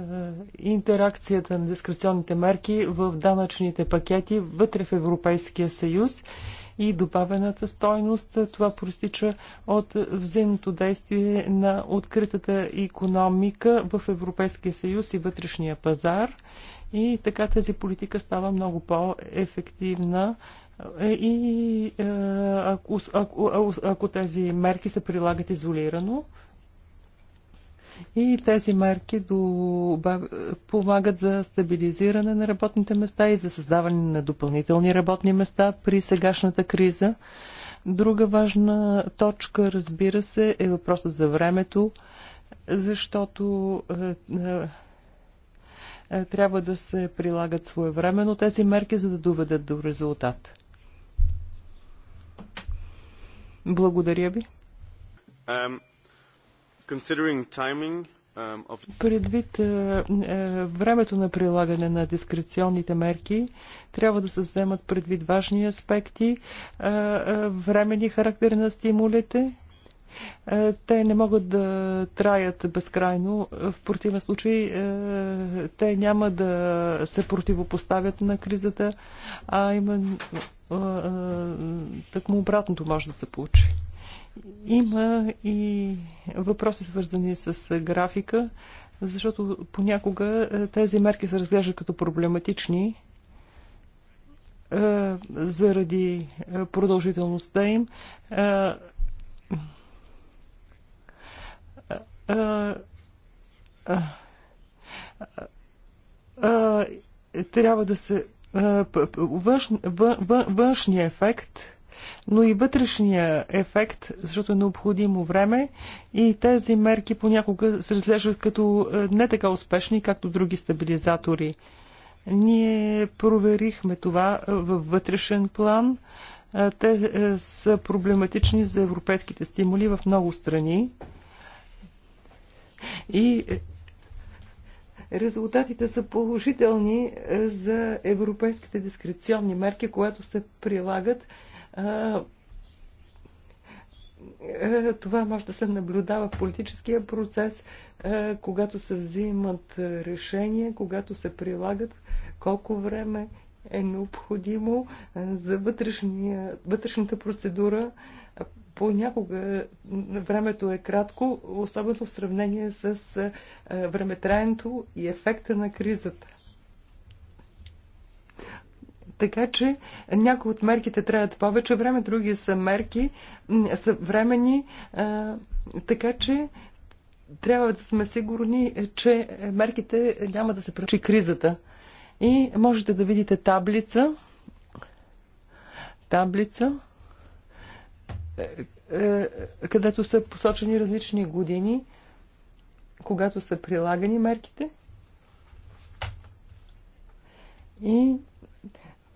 интеракцията на дискреционните мерки в данъчните пакети вътре в Европейския съюз и добавената стойност. Това проистича от взаимното действие на откритата економика в Европейския съюз и вътрешния пазар. И така тази политика става много по-ефективна е, и е, ако, ако, ако тези мерки се прилагат изолирано, и тези мерки до... помагат за стабилизиране на работните места и за създаване на допълнителни работни места при сегашната криза. Друга важна точка, разбира се, е въпросът за времето, защото е, трябва да се прилагат своевременно тези мерки, за да доведат до резултат. Благодаря ви. Um, timing, um, of... Предвид е, е, времето на прилагане на дискреционните мерки, трябва да се вземат предвид важни аспекти, е, е времени характер на стимулите, е, те не могат да траят безкрайно. В противен случай е, те няма да се противопоставят на кризата, а именно е, такмо обратното може да се получи. Има и въпроси свързани с графика, защото понякога тези мерки се разглеждат като проблематични заради продължителността им трябва да се външ, вън, външния ефект, но и вътрешния ефект, защото е необходимо време и тези мерки понякога се разглеждат като не така успешни, както други стабилизатори. Ние проверихме това във вътрешен план. Те са проблематични за европейските стимули в много страни. И резултатите са положителни е, за европейските дискреционни мерки, които се прилагат. Е, това може да се наблюдава в политическия процес, е, когато се взимат решения, когато се прилагат, колко време е необходимо за вътрешния, вътрешната процедура понякога времето е кратко, особено в сравнение с времетраенето и ефекта на кризата. Така че някои от мерките трябват повече време, други са мерки, са времени, така че трябва да сме сигурни, че мерките няма да се пречи кризата. И можете да видите таблица. Таблица е, е, е, където са посочени различни години, когато са прилагани мерките. И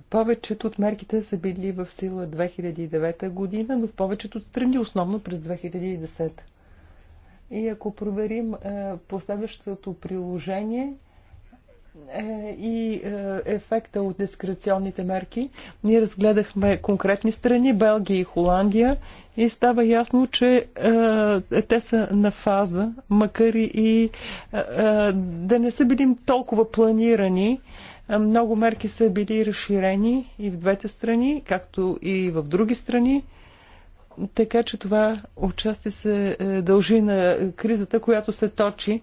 повечето от мерките са били в сила 2009 година, но в повечето страни основно през 2010. И ако проверим е, последващото приложение, е, и е, ефекта от дискреционните мерки. Ние разгледахме конкретни страни, Белгия и Холандия, и става ясно, че е, те са на фаза, макар и е, е, да не са били толкова планирани. Е, много мерки са били разширени и в двете страни, както и в други страни. Така че това отчасти се дължи на кризата, която се точи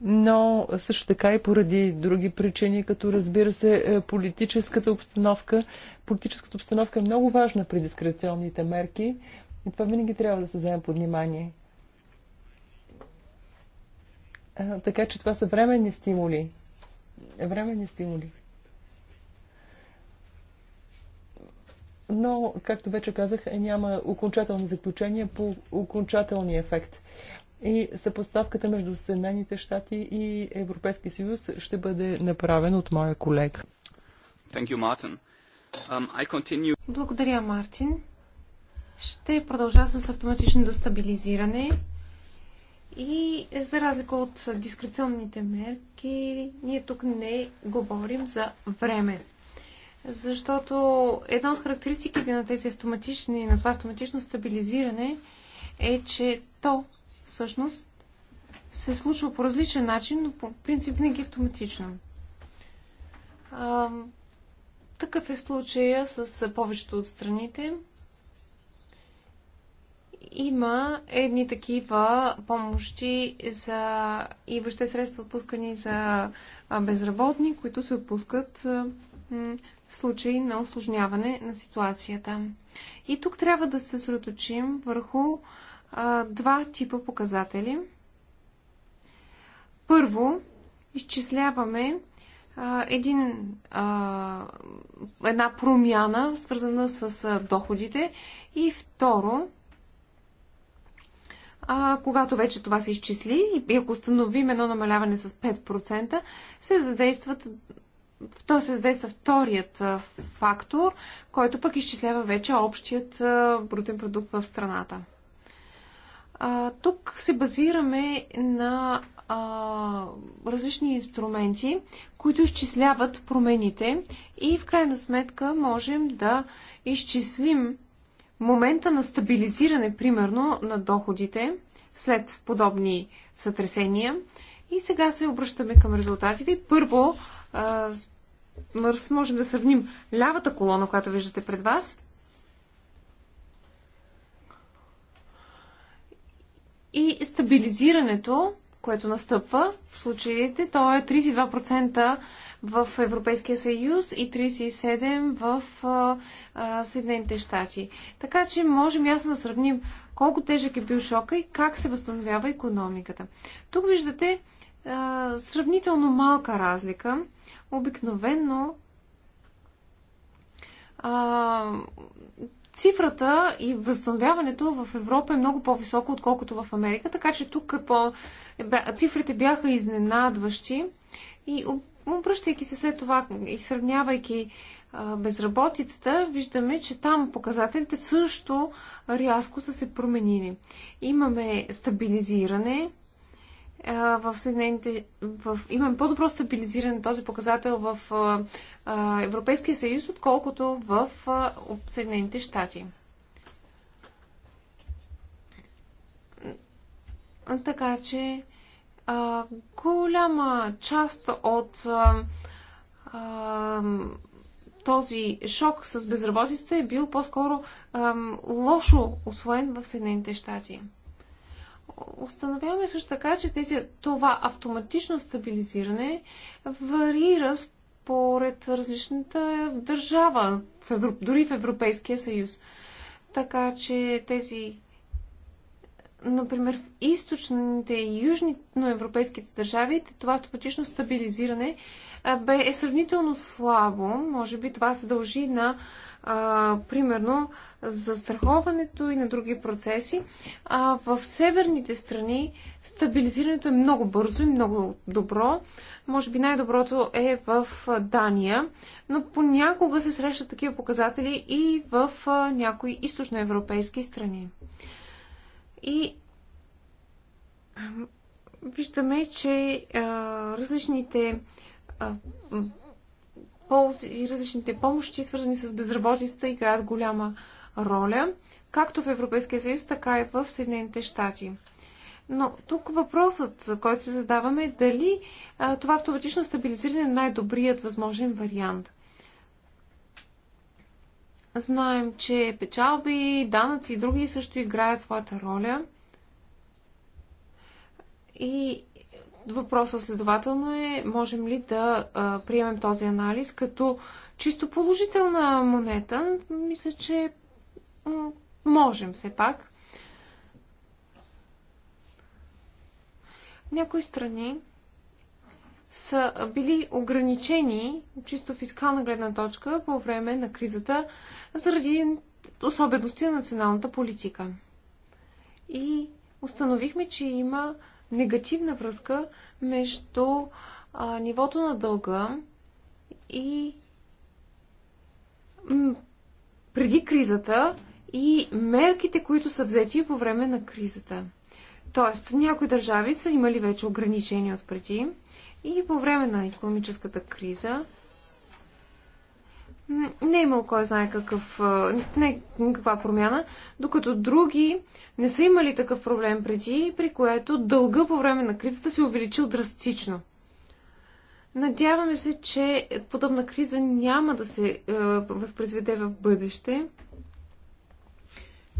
но също така и поради други причини, като разбира се е, политическата обстановка. Политическата обстановка е много важна при дискреционните мерки и това винаги трябва да се вземе под внимание. Така че това са временни стимули. Временни стимули. но, както вече казах, е, няма окончателни заключения по окончателния ефект и съпоставката между Съединените щати и Европейския съюз ще бъде направена от моя колега. Thank you, Martin. Um, I continue... Благодаря, Мартин. Ще продължа с автоматичното стабилизиране и за разлика от дискреционните мерки, ние тук не говорим за време. Защото една от характеристиките на тези автоматични, на това автоматично стабилизиране е, че то всъщност се случва по различен начин, но по принцип винаги автоматично. А, такъв е случая с повечето от страните. Има едни такива помощи за и въобще средства отпускани за безработни, които се отпускат в случай на осложняване на ситуацията. И тук трябва да се съсредоточим върху два типа показатели. Първо, изчисляваме един, една промяна, свързана с доходите. И второ, когато вече това се изчисли и ако установим едно намаляване с 5%, се задействат то се задейства вторият фактор, който пък изчислява вече общият брутен продукт в страната. А, тук се базираме на а, различни инструменти, които изчисляват промените и в крайна сметка можем да изчислим момента на стабилизиране, примерно, на доходите след подобни сътресения. И сега се обръщаме към резултатите. Първо, а, можем да сравним лявата колона, която виждате пред вас, и стабилизирането, което настъпва в случаите, то е 32% в Европейския съюз и 37% в а, Съединените щати. Така че можем ясно да сравним колко тежък е бил шока и как се възстановява економиката. Тук виждате а, сравнително малка разлика. Обикновено а, цифрата и възстановяването в Европа е много по-високо, отколкото в Америка, така че тук по... цифрите бяха изненадващи и обръщайки се след това и сравнявайки безработицата, виждаме, че там показателите също рязко са се променили. Имаме стабилизиране в Съединените, в, имаме по-добро стабилизиране на този показател в Европейския съюз, отколкото в Съединените щати. Така че а, голяма част от а, а, този шок с безработицата е бил по-скоро лошо освоен в Съединените щати установяваме също така, че тези, това автоматично стабилизиране варира според различната държава, в Европ... дори в Европейския съюз. Така че тези, например, в източните и южноевропейските държави, това автоматично стабилизиране бе, е сравнително слабо. Може би това се дължи на а, примерно, застраховането и на други процеси. А в северните страни стабилизирането е много бързо и много добро. Може би най-доброто е в Дания, но понякога се срещат такива показатели и в някои източноевропейски страни. И виждаме, че а, различните а, ползи и различните помощи, свързани с безработицата, играят голяма роля, както в Европейския съюз, така и в Съединените щати. Но тук въпросът, който се задаваме е дали а, това автоматично стабилизиране е най-добрият възможен вариант. Знаем, че печалби, данъци и други също играят своята роля. И Въпросът следователно е, можем ли да а, приемем този анализ като чисто положителна монета? Мисля, че можем все пак. Някои страни са били ограничени, чисто фискална гледна точка, по време на кризата, заради особености на националната политика. И установихме, че има негативна връзка между а, нивото на дълга и преди кризата и мерките, които са взети по време на кризата. Тоест, някои държави са имали вече ограничения от преди и по време на економическата криза не е имал кой знае какъв, не, никаква промяна, докато други не са имали такъв проблем преди, при което дълга по време на кризата се е увеличил драстично. Надяваме се, че подобна криза няма да се е, възпроизведе в бъдеще.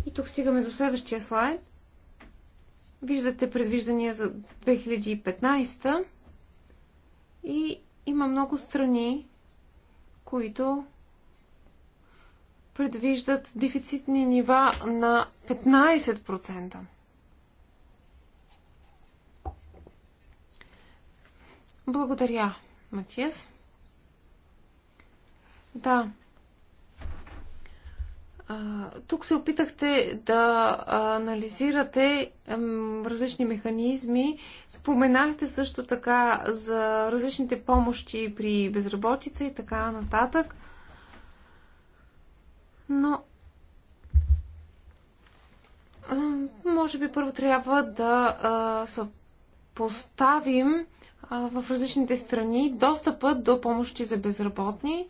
И тук стигаме до следващия слайд. Виждате предвиждания за 2015 и има много страни, които предвиждат дефицитни нива на 15%. Благодаря, Матиас. Да. тук се опитахте да анализирате различни механизми. Споменахте също така за различните помощи при безработица и така нататък. Но може би първо трябва да се поставим в различните страни достъпа до помощи за безработни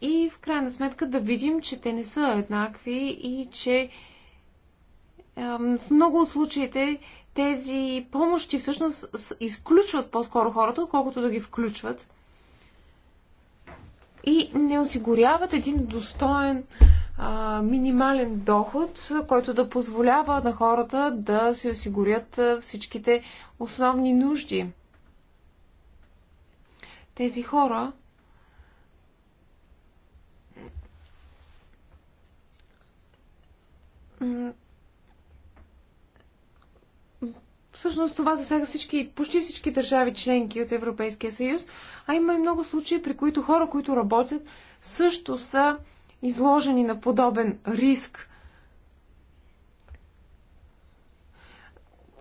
и в крайна сметка да видим, че те не са еднакви и че в много от случаите тези помощи всъщност изключват по-скоро хората, отколкото да ги включват и не осигуряват един достоен а, минимален доход, който да позволява на хората да си осигурят всичките основни нужди. Тези хора Всъщност това засяга всички, почти всички държави членки от Европейския съюз, а има и много случаи, при които хора, които работят, също са изложени на подобен риск.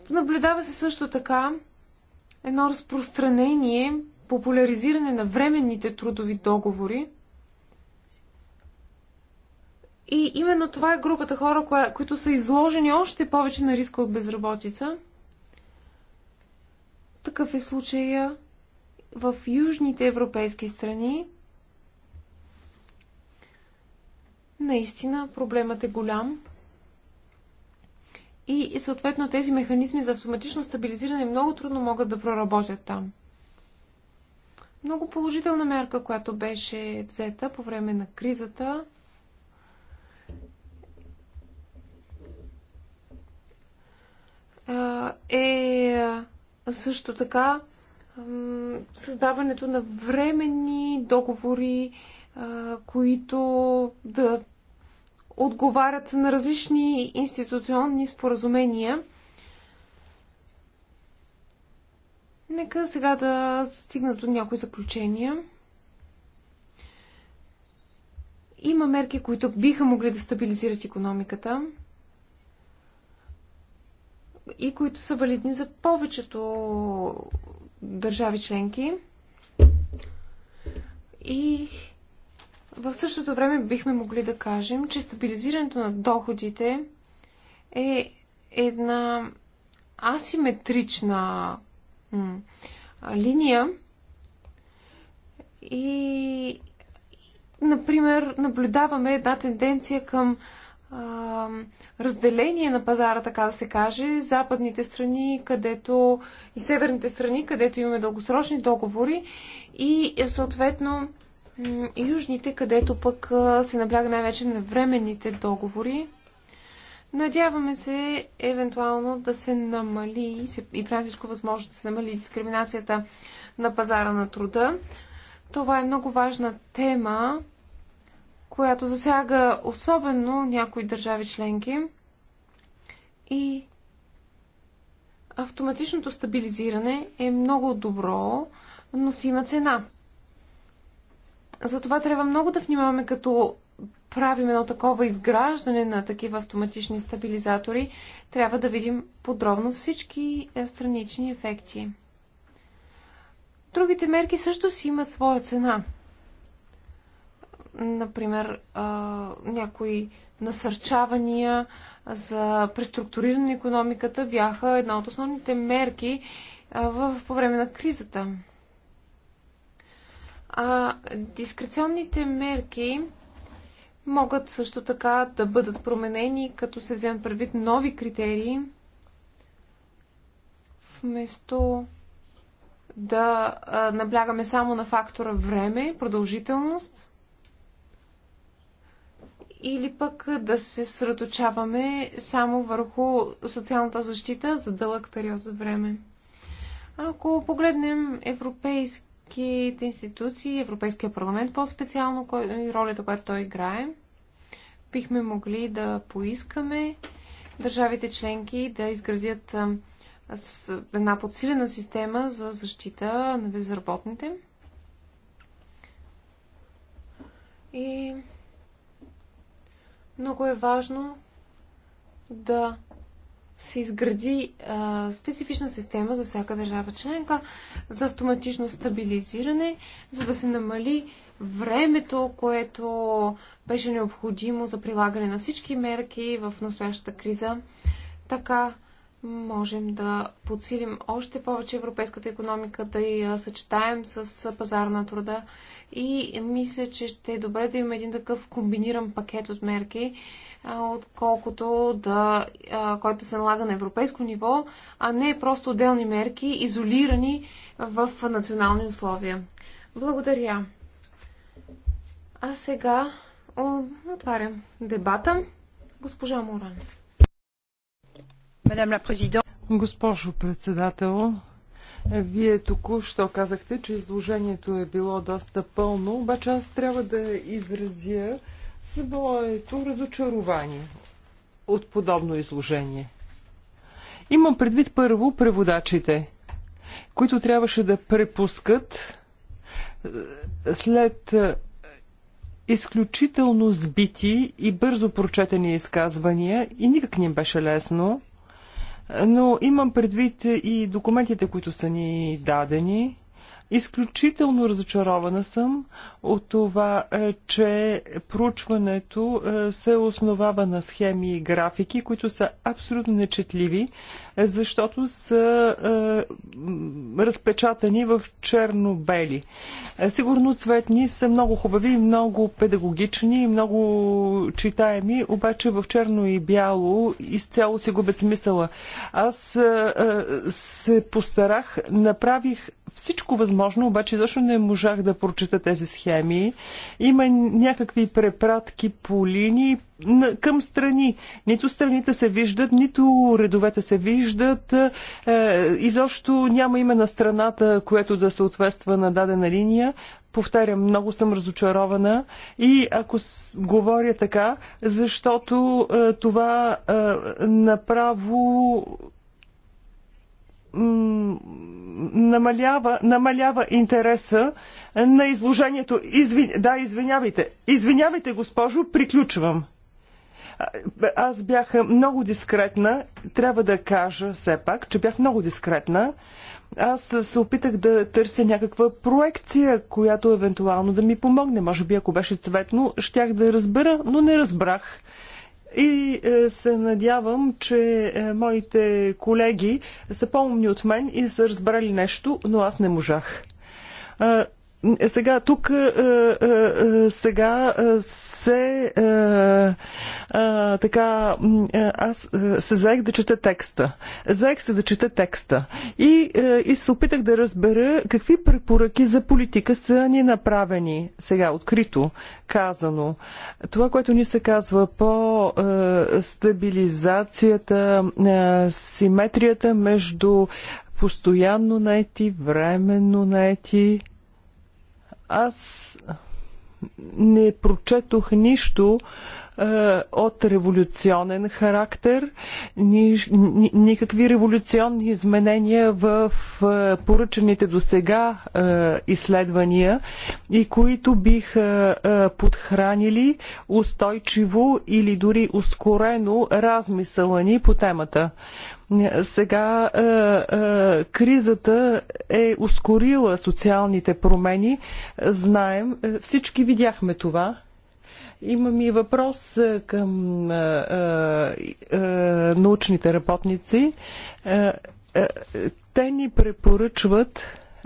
Наблюдава се също така едно разпространение, популяризиране на временните трудови договори. И именно това е групата хора, които са изложени още повече на риска от безработица. Такъв е случая в южните европейски страни. Наистина проблемът е голям. И, и съответно тези механизми за автоматично стабилизиране много трудно могат да проработят там. Много положителна мярка, която беше взета по време на кризата, е също така създаването на временни договори, които да отговарят на различни институционни споразумения. Нека сега да стигна до някои заключения. Има мерки, които биха могли да стабилизират економиката и които са валидни за повечето държави членки. И в същото време бихме могли да кажем, че стабилизирането на доходите е една асиметрична линия и, например, наблюдаваме една тенденция към разделение на пазара, така да се каже, западните страни, където и северните страни, където имаме дългосрочни договори и съответно южните, където пък се набляга най-вече на временните договори. Надяваме се евентуално да се намали и прави всичко възможно да се намали дискриминацията на пазара на труда. Това е много важна тема която засяга особено някои държави членки и автоматичното стабилизиране е много добро, но си има цена. Затова трябва много да внимаваме, като правим едно такова изграждане на такива автоматични стабилизатори, трябва да видим подробно всички е, странични ефекти. Другите мерки също си имат своя цена – например, някои насърчавания за преструктуриране на економиката бяха една от основните мерки в, по време на кризата. А дискреционните мерки могат също така да бъдат променени, като се вземат предвид нови критерии, вместо да наблягаме само на фактора време, продължителност – или пък да се сръточаваме само върху социалната защита за дълъг период от време. Ако погледнем европейските институции, Европейския парламент по-специално и ролята, която той играе, бихме могли да поискаме държавите членки да изградят една подсилена система за защита на безработните. И много е важно да се изгради а, специфична система за всяка държава членка за автоматично стабилизиране, за да се намали времето, което беше необходимо за прилагане на всички мерки в настоящата криза. Така можем да подсилим още повече европейската економика, да я съчетаем с пазар на труда и мисля, че ще е добре да имаме един такъв комбиниран пакет от мерки, отколкото да, който се налага на европейско ниво, а не просто отделни мерки, изолирани в национални условия. Благодаря. А сега отварям дебата. Госпожа Моран. Госпожо председател, вие току-що казахте, че изложението е било доста пълно, обаче аз трябва да изразя своето разочарование от подобно изложение. Имам предвид първо преводачите, които трябваше да препускат е, след е, изключително сбити и бързо прочетени изказвания и никак не им беше лесно – но имам предвид и документите, които са ни дадени. Изключително разочарована съм от това, е, че проучването е, се основава на схеми и графики, които са абсолютно нечетливи, е, защото са разпечатани в черно-бели. Сигурно цветни са много хубави, много педагогични, много читаеми, обаче в черно и бяло изцяло си губят смисъла. Аз се постарах, направих всичко възможно възможно, обаче защо не можах да прочета тези схеми. Има някакви препратки по линии към страни. Нито страните се виждат, нито редовете се виждат. Е, изобщо няма име на страната, което да съответства на дадена линия. Повтарям, много съм разочарована и ако с... говоря така, защото е, това е, направо намалява, намалява интереса на изложението. Изви, да, извинявайте. Извинявайте, госпожо, приключвам. Аз бях много дискретна. Трябва да кажа все пак, че бях много дискретна. Аз се опитах да търся някаква проекция, която евентуално да ми помогне. Може би, ако беше цветно, щях да разбера, но не разбрах и е, се надявам, че е, моите колеги са по-умни от мен и са разбрали нещо, но аз не можах. Е, сега тук е, е, е, сега се така аз се заех да чета текста. Заех се да чета текста и, и се опитах да разбера какви препоръки за политика са ни направени сега открито казано. Това, което ни се казва по стабилизацията, симетрията между постоянно наети, временно наети, аз не прочетох нищо е, от революционен характер, ни, ни, никакви революционни изменения в е, поръчаните до сега е, изследвания и които бих е, е подхранили устойчиво или дори ускорено размисъла ни по темата. Е, сега е, е, кризата е ускорила социалните промени. Знаем, е, всички видяхме това. Имам и въпрос към научните работници. Те ни препоръчват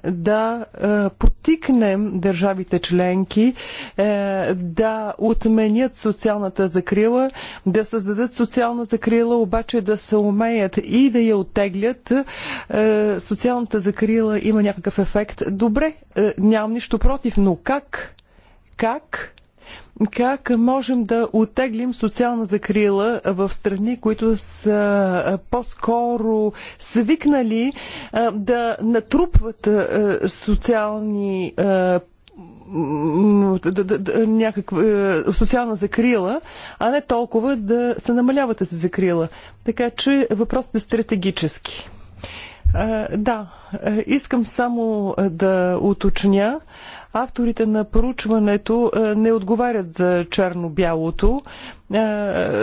да е, потикнем държавите членки е, да отменят социалната закрила, да създадат социална закрила, обаче да се умеят и да я оттеглят. Е, социалната закрила има някакъв ефект. Добре, нямам нищо против, но как? Как? Как можем да отеглим социална закрила в страни, които са по-скоро свикнали да натрупват социални някаква социална закрила, а не толкова да се намалява тази закрила. Така че въпросът е стратегически. Да, искам само да уточня. Авторите на проучването не отговарят за черно-бялото.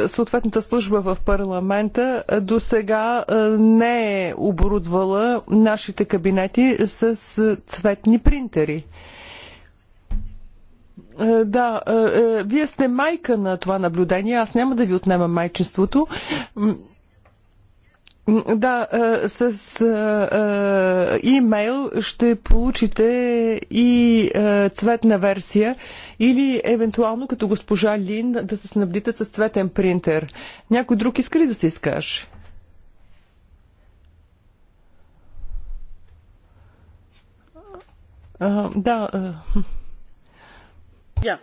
Съответната служба в парламента до сега не е оборудвала нашите кабинети с цветни принтери. Да, вие сте майка на това наблюдение. Аз няма да ви отнема майчеството. Да, е, с е, е, имейл ще получите и цветна версия или евентуално като госпожа Лин да се снабдите с цветен принтер. Някой друг иска ли да се изкаже? да. Uh, yeah.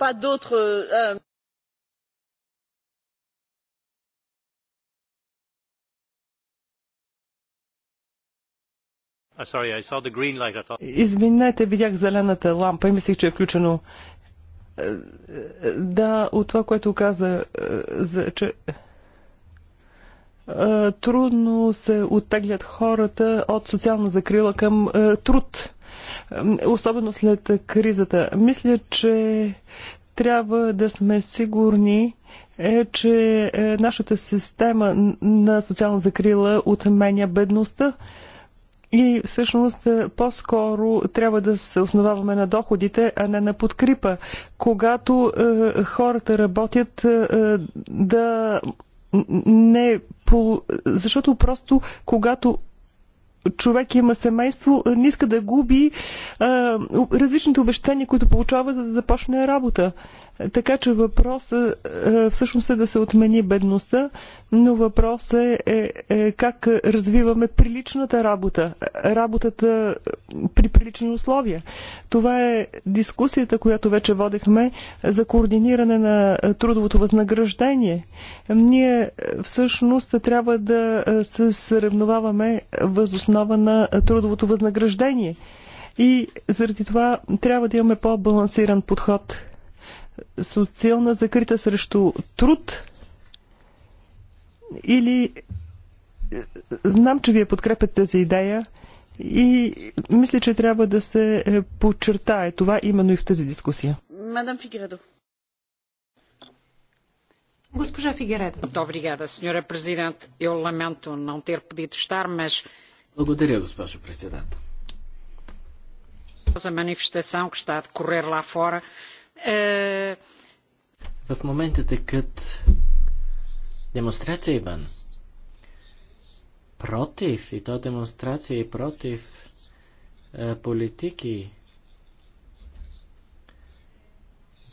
pas d'autres. Euh, Ah, Извинете, видях зелената лампа и мислих, че е включено. Е, е, да, от това, което каза, е, за, че трудно се оттеглят хората от социална закрила към труд. Особено след кризата. Мисля, че трябва да сме сигурни, е, че нашата система на социална закрила отменя бедността. И всъщност е, по-скоро трябва да се основаваме на доходите, а не на подкрипа. Когато е, хората работят е, е да не. По... Защото просто когато човек има семейство, е, не иска да губи е, различните обещания, които получава, за да започне работа. Така че въпросът е, всъщност е да се отмени бедността, но въпросът е, е, е как развиваме приличната работа, работата при прилични условия. Това е дискусията, която вече водехме за координиране на трудовото възнаграждение. Ние всъщност трябва да се съревноваваме възоснова на трудовото възнаграждение. И заради това трябва да имаме по-балансиран подход – социална закрита срещу труд или е, знам, че вие подкрепят тази идея и мисля, че трябва да се е, подчертае това именно и в тази дискусия. Мадам Фигредо. Госпожа Фигередо. Добри гада, сеньора президент. Eu lamento não ter podido estar, mas... Благодаря, госпожо председател. ...за манифестação que está a decorrer lá fora е, В момента тъкът демонстрация, Иван. Против, и то демонстрация и против е, политики.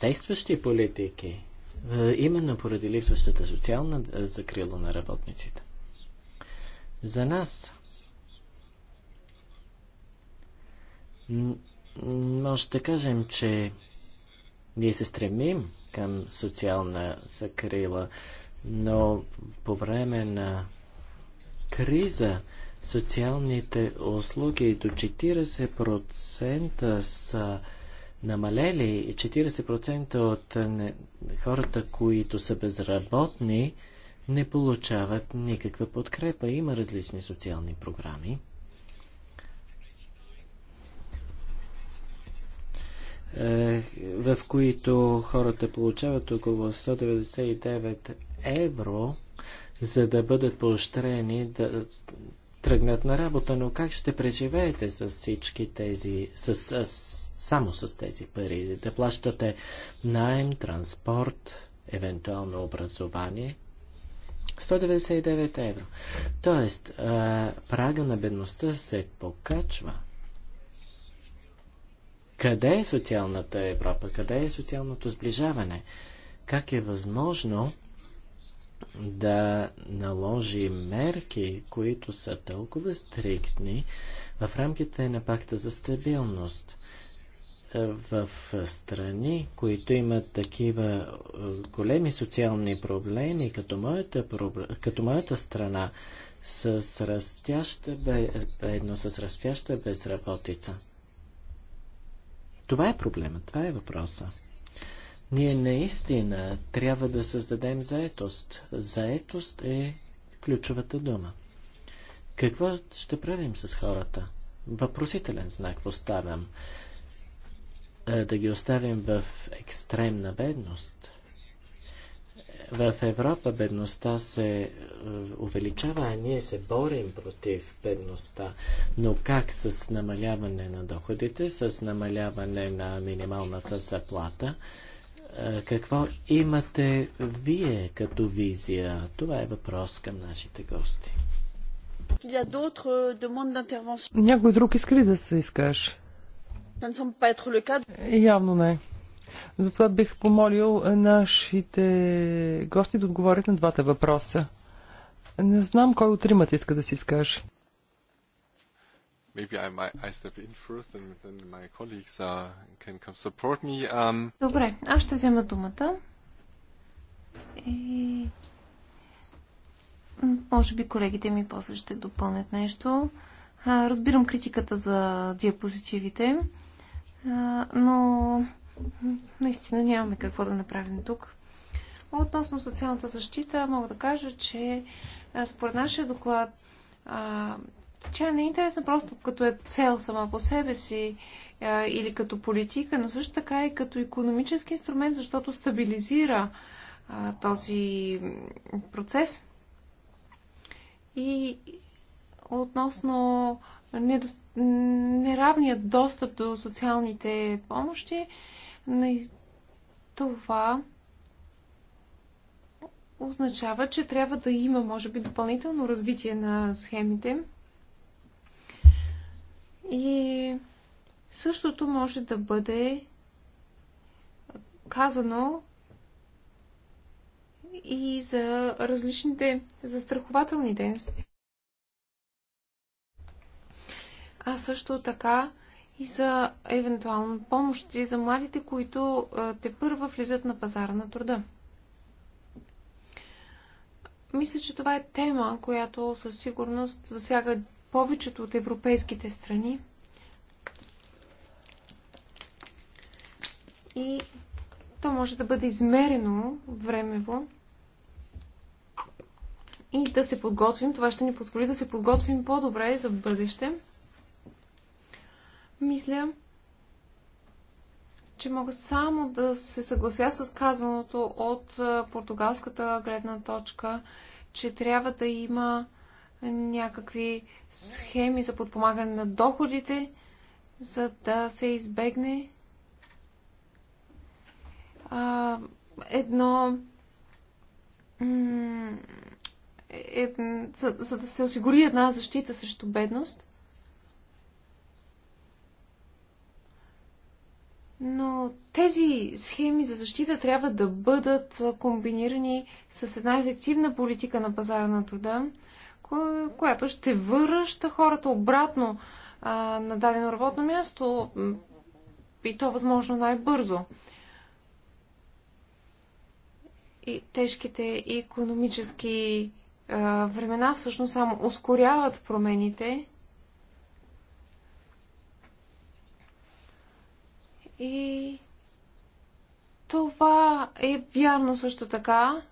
Действащи политики. Е, именно поради липсващата социална е, закрила на работниците. За нас може да кажем, че ние се стремим към социална закрила, но по време на криза социалните услуги до 40% са намалели. и 40% от хората, които са безработни, не получават никаква подкрепа. Има различни социални програми. Е, в които хората получават около 199 евро, за да бъдат поощрени да тръгнат на работа, но как ще преживеете с всички тези, с, с, само с тези пари? Да плащате найем, транспорт, евентуално образование? 199 евро. Тоест, прага на бедността се покачва – къде е социалната Европа? Къде е социалното сближаване? Как е възможно да наложи мерки, които са толкова стриктни в рамките на пакта за стабилност? в страни, които имат такива е, големи социални проблеми, като моята, като моята страна, с растяща бедно, с растяща безработица. Това е проблема, това е въпроса. Ние наистина трябва да създадем заетост. Заетост е ключовата дума. Какво ще правим с хората? Въпросителен знак поставям. Е, да ги оставим в екстремна бедност – в Европа бедността се е, увеличава, а ние се борим против бедността. Но как с намаляване на доходите, с намаляване на минималната заплата? Е, какво имате вие като визия? Това е въпрос към нашите гости. Някой друг иска ли да се изкаже? Явно не. Затова бих помолил нашите гости да отговорят на двата въпроса. Не знам кой от тримата иска да си изкаже. Uh, um, Добре, аз ще взема думата. И... Може би колегите ми после ще допълнят нещо. разбирам критиката за диапозитивите, но Наистина нямаме какво да направим тук. Относно социалната защита, мога да кажа, че според нашия доклад тя не е интересна просто като е цел сама по себе си или като политика, но също така и е като економически инструмент, защото стабилизира този процес. И относно недост... неравният достъп до социалните помощи, това означава, че трябва да има, може би, допълнително развитие на схемите. И същото може да бъде казано и за различните застрахователни дейности. А също така и за евентуално помощи за младите, които те първа влизат на пазара на труда. Мисля, че това е тема, която със сигурност засяга повечето от европейските страни. И то може да бъде измерено времево и да се подготвим. Това ще ни позволи да се подготвим по-добре за бъдеще. Мисля, че мога само да се съглася с казаното от португалската гледна точка, че трябва да има някакви схеми за подпомагане на доходите, за да се избегне а, едно. Ед, за, за да се осигури една защита срещу бедност. Но тези схеми за защита трябва да бъдат комбинирани с една ефективна политика на пазара на труда, която ще връща хората обратно а, на дадено работно място и то възможно най-бързо. И тежките економически а, времена всъщност само ускоряват промените И това е вярно също така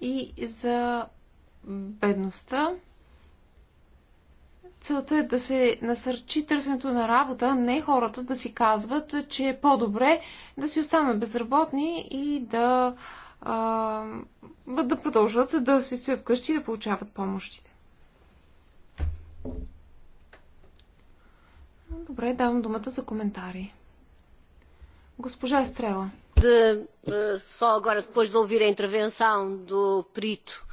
и за бедността. Целта е да се насърчи търсенето на работа, не хората да си казват, че е по-добре да си останат безработни и да, а, да продължат да си стоят къщи и да получават помощите. Добре, давам думата за коментари. Госпожа Стрела. De, só е, agora depois de ouvir a intervenção do perito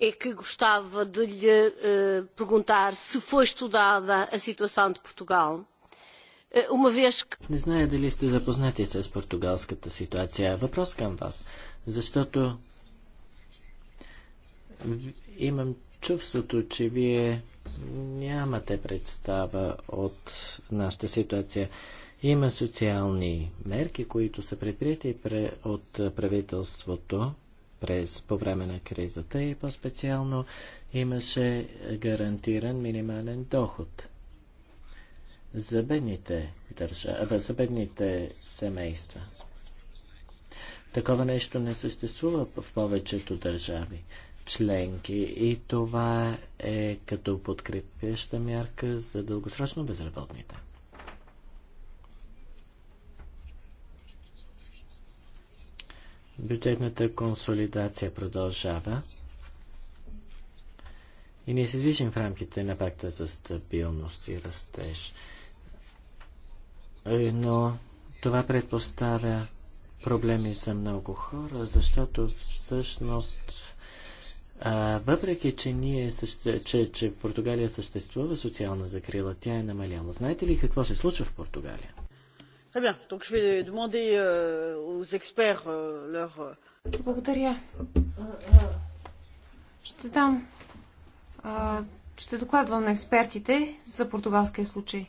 é que gostava de lhe е, perguntar se foi estudada a situação de Portugal е, uma vez que... Не знае дали сте запознати с португалската ситуация. Въпрос към вас. Защото имам чувството, че вие нямате представа от нашата ситуация. Има социални мерки, които са предприяти от правителството през, по време на кризата и по-специално имаше гарантиран минимален доход за бедните, държа... за бедните семейства. Такова нещо не съществува в повечето държави членки и това е като подкрепяща мярка за дългосрочно безработните. Бюджетната консолидация продължава и ние се движим в рамките на пакта за стабилност и растеж. Е, но това предпоставя проблеми за много хора, защото всъщност а, въпреки, че, ние съще, че, че в Португалия съществува социална закрила, тя е намаляла. Знаете ли какво се случва в Португалия? Très bien. Donc je vais demander euh, aux experts euh, leur. Благодаря. Ще дам. А, ще докладвам на експертите за португалския случай.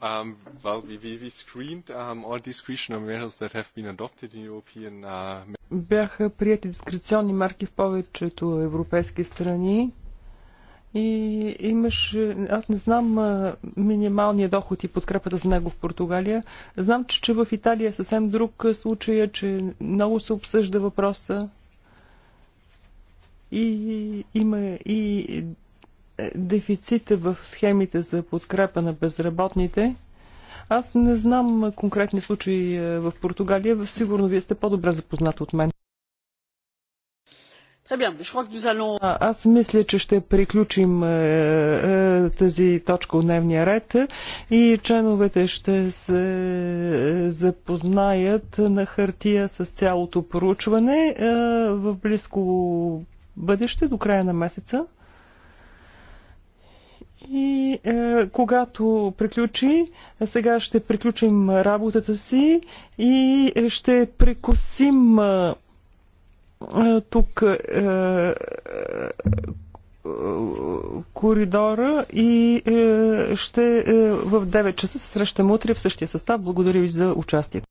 Um, well, we, we, we screened um, all discretionary measures that have been adopted in European. Uh... Бяха прияти дискреционни марки в повечето европейски страни и имаше, аз не знам минималния доход и подкрепата за него в Португалия. Знам, че, че в Италия е съвсем друг случай, че много се обсъжда въпроса и има и е, дефицита в схемите за подкрепа на безработните. Аз не знам конкретни случаи в Португалия. Сигурно вие сте по-добре запознати от мен. Аз мисля, че ще приключим е, е, тази точка от дневния ред и членовете ще се е, запознаят на хартия с цялото поручване в близко бъдеще до края на месеца. И е, когато приключи, сега ще приключим работата си и ще прекусим. Е, тук е, е, коридора и е, ще в 9 часа се срещаме утре в същия състав. Благодаря ви за участието.